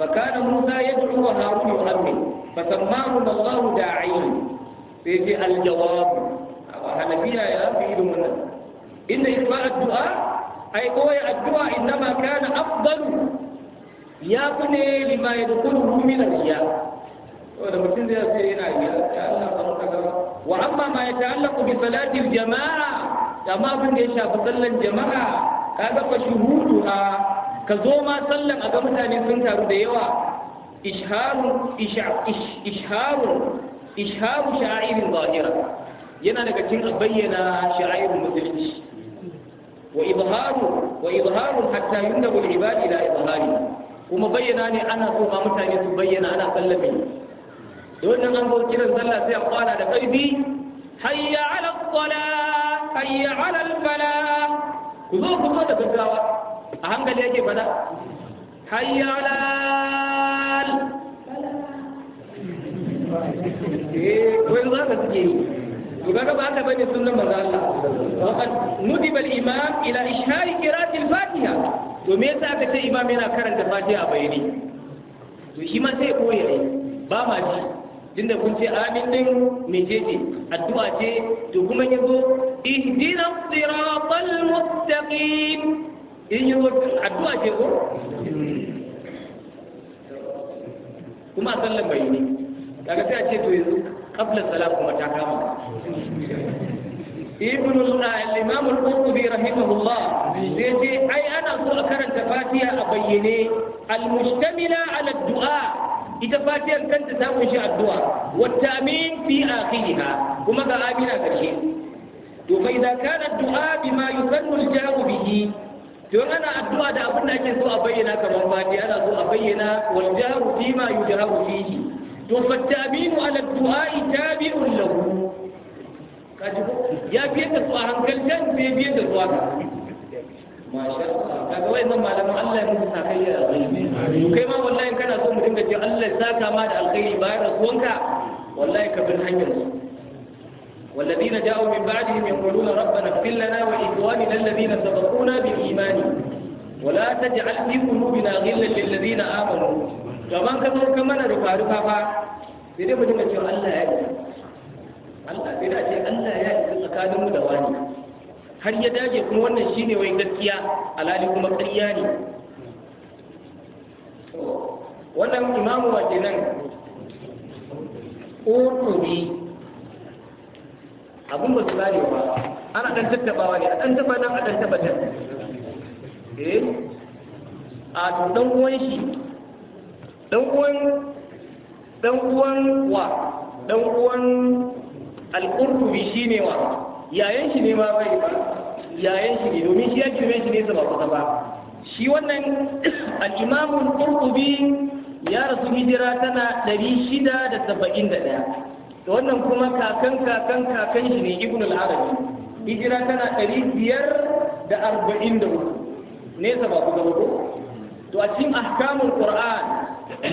فكان موسى يدعو وهارون يؤمن فسماهما الله داعين فيجي الجواب فيها يا ربي إلمنا إن إخفاء الدعاء أي قوي الدعاء إنما كان أفضل يا بني لما يدخله من الرياء ولما تنزل na riya يا الله wa amma ma yata'allaqu bi salati jamaa amma abin da ya shafi sallan jama'a kaga fa shuhuduha ka zo ma sallan a ga mutane sun taru da yawa isharun isharun yana daga cikin bayyana sha'irin musulunci wa izharu wa izharu hatta yundabu al-ibad ila izhari kuma bayyana ne ana so mutane su bayyana ana sallame don nan an zo nan sallah sai a kwana da kaifi hayya ala sala hayya ala kwala. ku zo ku zo da gaggawa a hankali yake fada hayya ala ko wani za ka suke yi to kaga ba haka bane sunnan manzo Allah wa qad nudiba al-imam ila ishari qira'ati al-fatiha to me yasa aka ce imam yana karanta fatiha bayani to shi ma sai koyi ba ma ji tunda kun ce amin din ce addu'a ce to kuma yazo ihdina siratal mustaqim in yazo addu'a ce ko kuma sallan bai ne daga sai a ce to yanzu qabla salat kuma ta kama ibn al-imam al-qurtubi rahimahullah sai ce ai ana so a karanta fatiha a bayyane al-mustamila ala du'a ita fatiyar kanta ta kunshi addu'a wata amin fi akhiriha kuma ga amina karshe to fa idza kana du'a bima yusannu al-jahu bihi to ana addu'a da abin da ake so a bayyana kamar fatiha ana so a bayyana wal jahu fi ma yujahu fihi to fa ta'minu ala du'a tabi'un lahu kaji ya biyar da su a hankalcen sai biyar da su haka kaga wayannan malaman Allah ya musu sakayya alkhairi kai ma wallahi kana so mu dinga ce Allah ya saka ma da alkhairi bayan rasuwanka wallahi ka bin hanyar su والذين جاءوا من بعدهم يقولون ربنا اغفر لنا وإخواننا الذين سبقونا بالإيمان ولا تجعل في قلوبنا غلا للذين آمنوا كمان كمان كمان رفع رفع فا بدي بدي ما الله يعلم har ya dage kuma wannan shine wai gaskiya alali kuma ƙarya ne wannan imamu wa nan ƙoƙobi abin ba su gane ba ana ɗan tattabawa ne a ɗan taba nan a ɗan taba can eh a ɗan uwan shi ɗan uwan ɗan uwan wa ɗan uwan alƙurtubi shine wa yayan shi ne ma bai ba yayan shi ne domin shi ya kime shi ne sama kusa ba shi wannan al-imamu qurtubi ya rasu hijira tana 671 to wannan kuma kakan kakan kakan shi ne ibn al-arabi hijira tana 543 ne sama kusa ba to a cikin ahkamul qur'an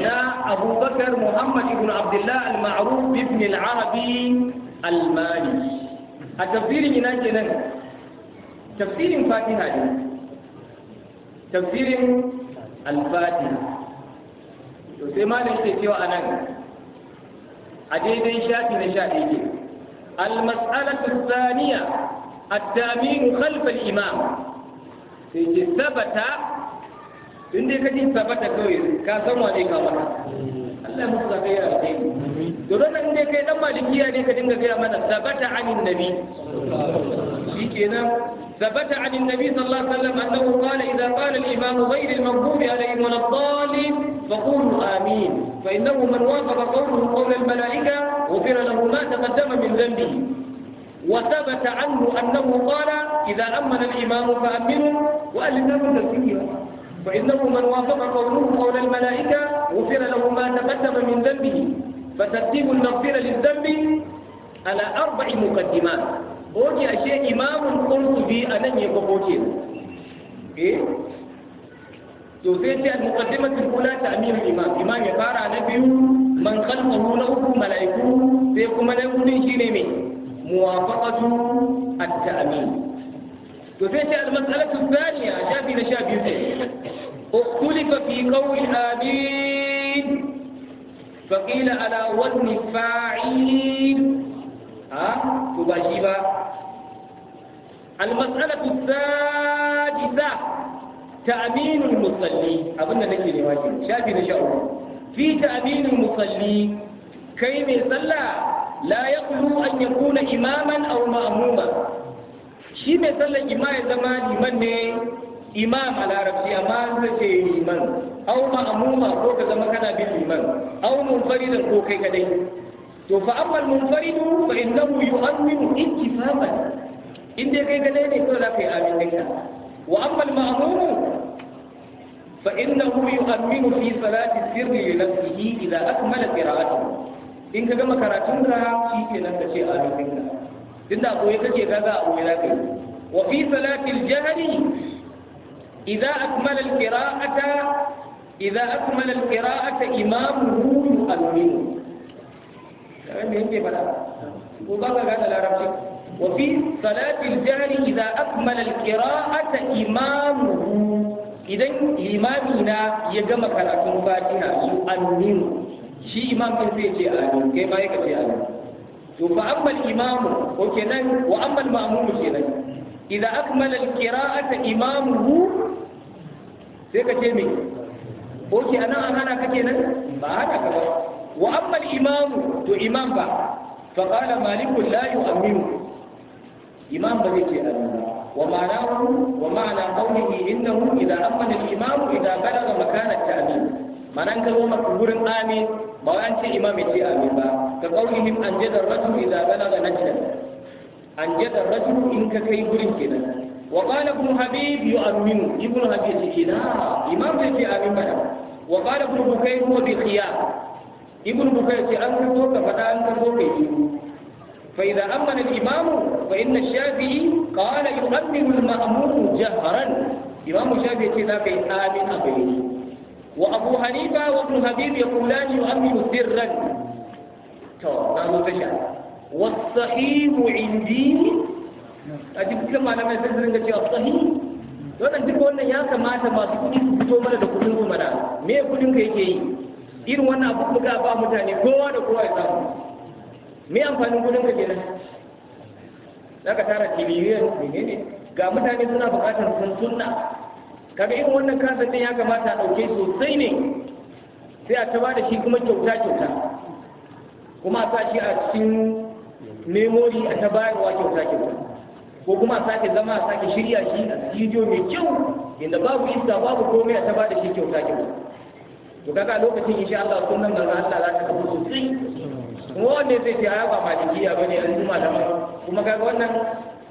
na abubakar muhammad ibn abdullah al-ma'ruf ibn al-arabi al-maliki a tafsirin ina kenan tafsirin fatiha ne tafsirin al-fatiha to sai malam yake cewa anan a daidai shafi na sha ɗaya al-mas'alatu thaniya at-tamim khalf al-imam sai ke sabata inda kace sabata kawai ka san wane ka wata Allah mu ka kai yarda nan dai kai dan malikiya ne ka dinga gaya mana sabata anin nabi shikenan ثبت عن النبي صلى الله عليه وسلم أنه قال إذا قال الإمام غير المغضوب عليهم ولا الضالين فقولوا آمين فإنه من وافق قوله قول الملائكة غفر له ما تقدم من ذنبه وثبت عنه أنه قال إذا أمن الإمام فأمنوا وألزموا تسليما فإنه من وافق قوله قول الملائكة غفر له ما تقدم من ذنبه فترتيب المغفرة للذنب على أربع مقدمات بوجي أشياء إمام في أنني يبقوكي إيه توسيتي المقدمة الأولى تأمير الإمام إمام يقارع نبيه من خلقه له سيقوم سيكون من شيء موافقة التأمين وفيها المسألة الثانية شافي لشافي اختلف في قول آمين فقيل على وزن فاعيل ها تباشيبا المسألة السادسة تأمين المصلي أظن نكي نواجه شافي نشأه في تأمين المصلي كيف صلى لا يخلو أن يكون إماما أو مأموما shi mai sallan ima ya zama liman ne imam a larabci amma zai ce liman au ma'amuma ko ka zama kana bin liman au munfaridan ko kai kadai to fa amma munfaridu fa innahu yu'minu ittifaqan in dai kai kadai ne to za ka yi amin dinka wa amma ma'amumu fa innahu yu'minu fi salati sirri li nafsihi idza akmala qira'atuhu in ka gama karatun ka shi nan ka ce amin da. tunda a koyi kake kaga a koyi za ka yi wa fi salatil jahri idza akmala al qira'ata idza akmala al qira'ata imamuhu yu'minu kaga me yake fara ko ba ka ga larabci wa fi salatil jahri idza akmala al qira'ata imamuhu idan limami na ya gama karatun fatiha yu'minu shi imam din sai ce amin kai ba yake ce amin to fa amma imamu ko kenan wa amma al-ma'mum kenan idza akmala al-qira'ata imamuhu sai ka ce me ko ke anan an hana ka kenan ba haka ka ba wa amma al-imamu to imam ba fa qala malik la yu'minu imam ba zai ce amin wa ma'anahu wa ma'ana qawlihi innahu idza amma al-imamu idza balagha makana at-ta'min manan ka zo maka gurin amin ba an ce imam ya ce amin ba ka qaulihim an jada rajul idza balaga najdan an jada rajul in ka kai gurin kenan wa qala ibn habib yu'minu ibn habib ya ce na imam ya ce amin ba wa qala ibn bukayr huwa bi khiyar ibn bukayr ce an ka so ka fada an ka so kai فإذا أمن الإمام فإن الشافعي قال يؤمن المأمون جهرا إمام الشافعي ذاك آمن أبيه وأبو حنيفة وابن هبير يقولان يؤمن سرا والصحيح عندي أجيب كلام على ما يسجل لك الصحيح wannan duk wannan ya kamata masu kuɗi su fito mana da kuɗin ku mana me kudin ka yake yi irin wannan abu kuma ba mutane kowa da kowa ya samu me amfanin kudin ka kenan zaka tara tiliyan ne ne ga mutane suna buƙatar sun sunna kaga irin wannan kansa ɗin ya kamata a ɗauke sosai ne sai a taba da shi kuma kyauta kyauta kuma a sa shi a cikin memori a ta bayarwa kyauta kyauta ko kuma a sake zama a sake shirya shi a studio mai kyau inda babu iska babu komai a ta ba da shi kyauta kyauta to kaga lokacin insha Allah sunan manzo Allah za ta kafu sosai kuma wanda zai ce ayaba malikiya bane an kuma da kuma kaga wannan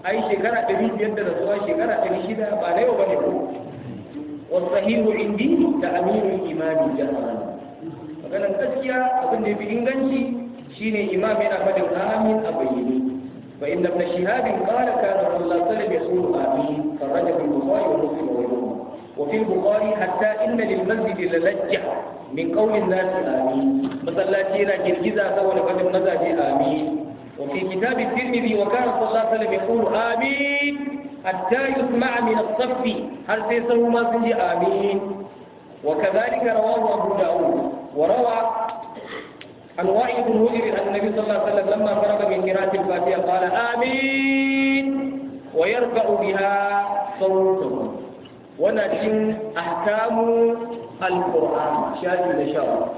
ai shekara 500 da zuwa shekara 600 ba na yau bane ko والصحيح عندي تأمير الإمام جهرا فقال الأسيا أبن في إنجنشي شين إمام أبن آمين أبين فإن ابن شهاب قال كان رسول الله صلى الله عليه وسلم يقول آمين خرجه البخاري ومسلم وغيرهما وفي البخاري حتى إن للمسجد للجة من قول الناس آمين مثلا لا جرجزا سوى لقد نزل آمين وفي كتاب الترمذي وكان صلى الله عليه وسلم يقول آمين حتى يسمع من الصف هل سيسه ما في آمين وكذلك رواه أبو داود وروى عن وائل بن هجر أن النبي صلى الله عليه وسلم لما فرغ من قراءة الفاتحة قال آمين ويرفع بها صوته ولكن أحكام القرآن شاهد إن شاء الله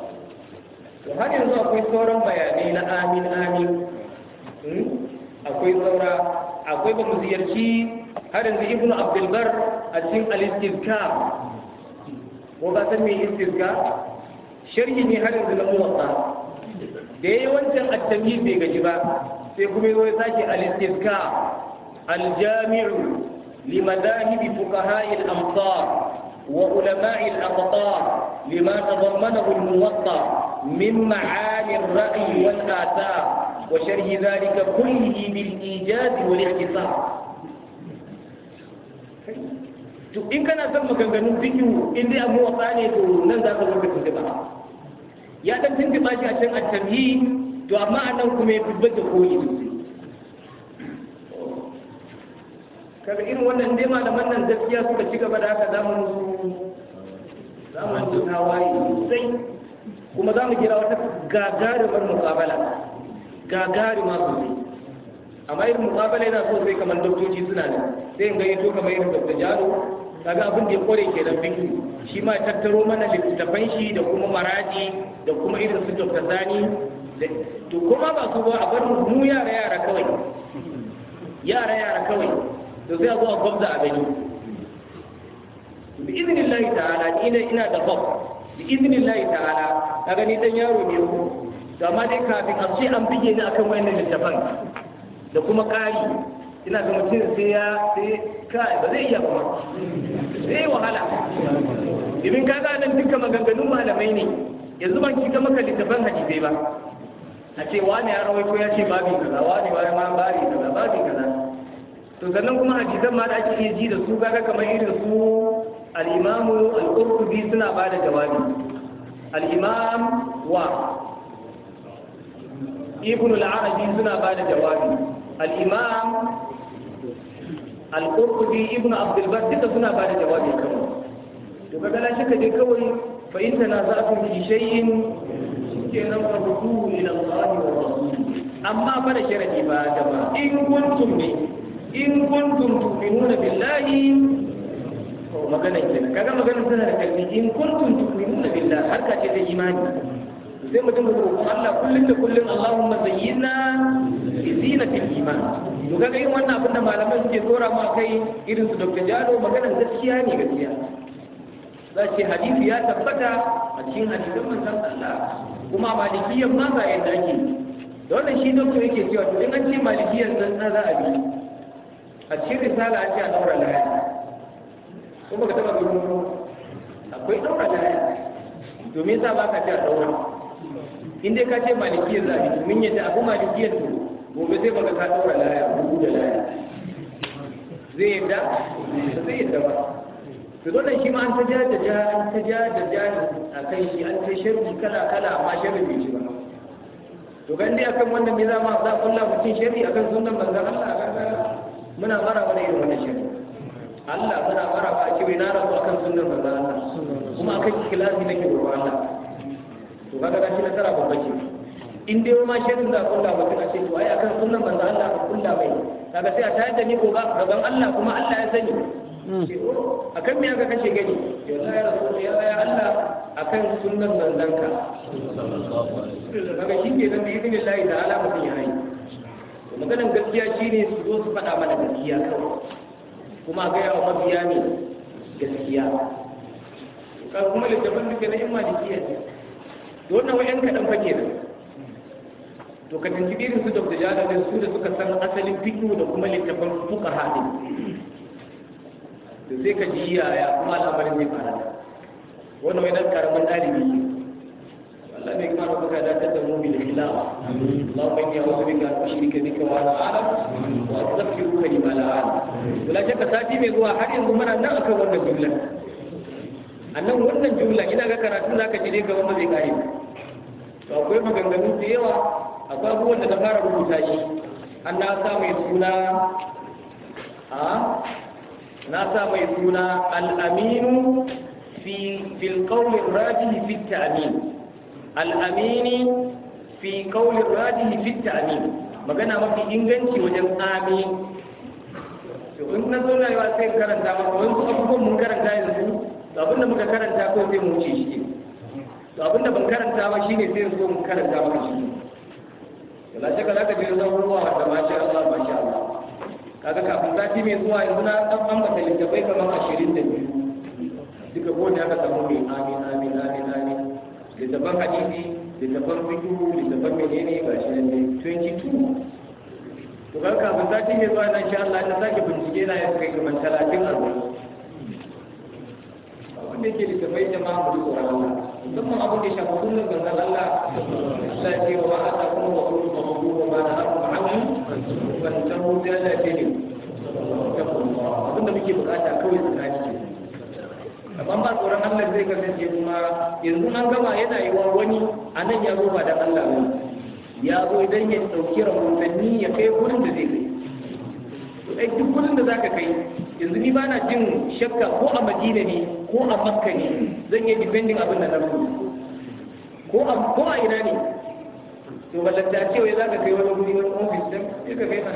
وهل يرضى أكوي صورا بيانين آمين آمين أكوي صورا أكوي بمزيرشي har yanzu ibn abdulbar a cikin al-istizkar ko ba san me istizkar sharhi ne har yanzu na muwatta da yayi wancan at-tamyiz bai gaji ba sai kuma yayi sake al-istizkar al-jami'u لمذاهب فقهاء الأمصار وعلماء الأقطار لما تضمنه الموطأ من معاني الرأي والآثار وشرح ذلك كله بالإيجاز والاحتساب to in kana son maganganun bikin in dai abu wasa ne to nan za ka zaka ba ya dan ba shi a can attabi to amma a nan kuma ya fi bada koyi kaga irin wannan dai malaman nan gaskiya suka ci gaba da haka za mu za mu rubuta waye sosai kuma za mu kira wata gagarumar mukabala gagarumar sosai amma irin mukabala yana so sai kamar doktoci suna ne sai in gani to kamar irin Dr. Jalo kaga abin da ya kware nan binki shi ma tattaro mana littattafan shi da kuma maraji da kuma irin su Dr. Sani to kuma ba su ba a bar mu yara yara kawai yara yara kawai to sai a zo a gwamza a gani bi lahi ta'ala ina ina da bab bi lahi ta'ala kaga ni dan yaro ne ko amma dai kafin a ce an bige ni akan wayannan littafan da kuma ƙari ina ga mutum sai ya sai kai ba zai iya kuma sai wahala idan ka ga nan dukkan maganganun malamai ne yanzu ban kika maka littafin hadisai ba a ce wani ya rawaito ya ce babin kaza wani ya ma bari kaza babin kaza to sannan kuma hadisan ma da ake iya ji da su ga kamar irin su al imam al-qurtubi suna ba da jawabi al-imam wa ibn al-arabi suna ba da jawabi al'imam al'urkubi ibn abdulbar duka suna ba da jawabi kawai to ka shi ka je kawai fa'inta na za su fi shayin suke nan fa hudu ila Allah wa amma ba da sharadi ba da ba in kuntum ne in kuntum tu'minuna billahi magana kenan kaga magana tana da kalbi in harka ce imani sai mu dinga roƙon Allah kullum da kullum Allahumma zayyina bi zinatil iman to kaga yin wannan abin da malaman suke tsora mu kai irin su Dr. Jalo maganar gaskiya ne gaskiya zai hadisi ya tabbata a cikin hadisin manzon Allah kuma malikiyyan ma ba yadda ake da wannan shi doktor yake cewa to in an ce malikiyyan nan na za a bi a cikin risala an ce a daura lahaya kuma ka taba gudu akwai daura lahaya domin sa ba ka ce a daura in dai ka ce malikiyar zabi mun yadda abu malikiyar to gobe zai baka ka dora laya bugu da laya zai yadda zai yadda ba to dole shi ma an ta ja da ja an ta ja da ja a kan shi an ta sharri kala kala amma sharri bai shi ba to kan dai akan wannan me za ma za kulla mutum sharri akan sunan manzon Allah kaga muna fara wani irin wannan sharri Allah muna fara ba ki na rabu akan sunan manzon Allah kuma akan ikhlasi nake roƙon Allah to kaga gashi na tara babba ce in dai ma shirin da kulla ba kina ce to ai akan sunnan manzo Allah ka kulla bai kaga sai a tayar da ni gobe gaban Allah kuma Allah ya sani hmm. akan oh, me aka kashe gani ya Allah ya rasul ya Allah akan sunnan manzon ka sallallahu alaihi wasallam kaga shi ke nan bi idinillahi ta'ala mutum ya yi maganan gaskiya shine su zo su faɗa mana gaskiya kawai kuma ga yawa mabiya ne gaskiya kuma littafin duka na yan malikiya ne Don wannan wayan kaɗan fa kenan to ka tanki irin su dr jalaluddin su da suka san asalin fikihu da kuma littafin fuka haɗe da sai ka ji yaya kuma al'amarin zai fara wani wayan karamin ɗalibi Allah ne kuma kuka da ta mu bil hilawa Allahumma inni a'udhu bika an ushrika bika wa ana a'lam wa astaghfiruka lima la a'lam kula ka sati mai zuwa har yanzu muna nan akan wannan jumlar annan wannan jumla ina ga karatu za ka jire gaba ba zai kare to akwai maganganu da yawa akwai abubuwan da na fara rubuta shi an na sa mai suna a na sa mai suna al'aminu fi fil qawli rajihi fi ta'min al'amini fi qawli rajihi fi ta'min magana mafi inganci wajen amin to in na zo wa sai karanta in wani abubuwan mun karanta yanzu to abin da muka karanta ko sai mu wuce shi to abin da ban karanta ba shine sai zo mu karanta ba shi to la shakka zaka je zan ruwa da masha Allah masha Allah kaga kafin sati mai zuwa yanzu na dan ambata littafai kamar 22 duka gode aka samu mai amin amin amin amin littafan hadisi littafan fikihu littafan menene ba shi ne 22 to kaga kafin sati mai zuwa insha Allah ta sake bincike na yau kai kamar 30 arba'in abin da yake da bai jama'a mu tsoron Allah musamman abin da ya shafi kullum ga Allah Allah ya ce wa ta kuma wa kullu mabdu wa ma na ma'akum ban tamu da Allah ya ce ne abin da muke bukata kawai ta ke amma ba tsoron Allah zai kasance kuma yanzu an gama yana yi wa wani a nan ya zo ba da Allah ne ya zo idan ya ɗauki rahotanni ya kai wurin da zai kai ai duk gudun da za ka kai yanzu ni ba na jin shakka ko a madina ne ko a makka ne zan yi depending abin da na ko a ko a ina ne to ballanta ce wai za ka kai wani guri wani office din ka kai ba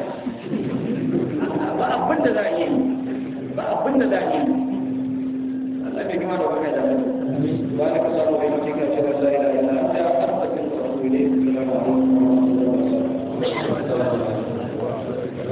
ba abin da za a yi ba abin da za a yi Allah bai kima da wani ba ne ka samu wani cikin shirin sai da ina ta da ne da wani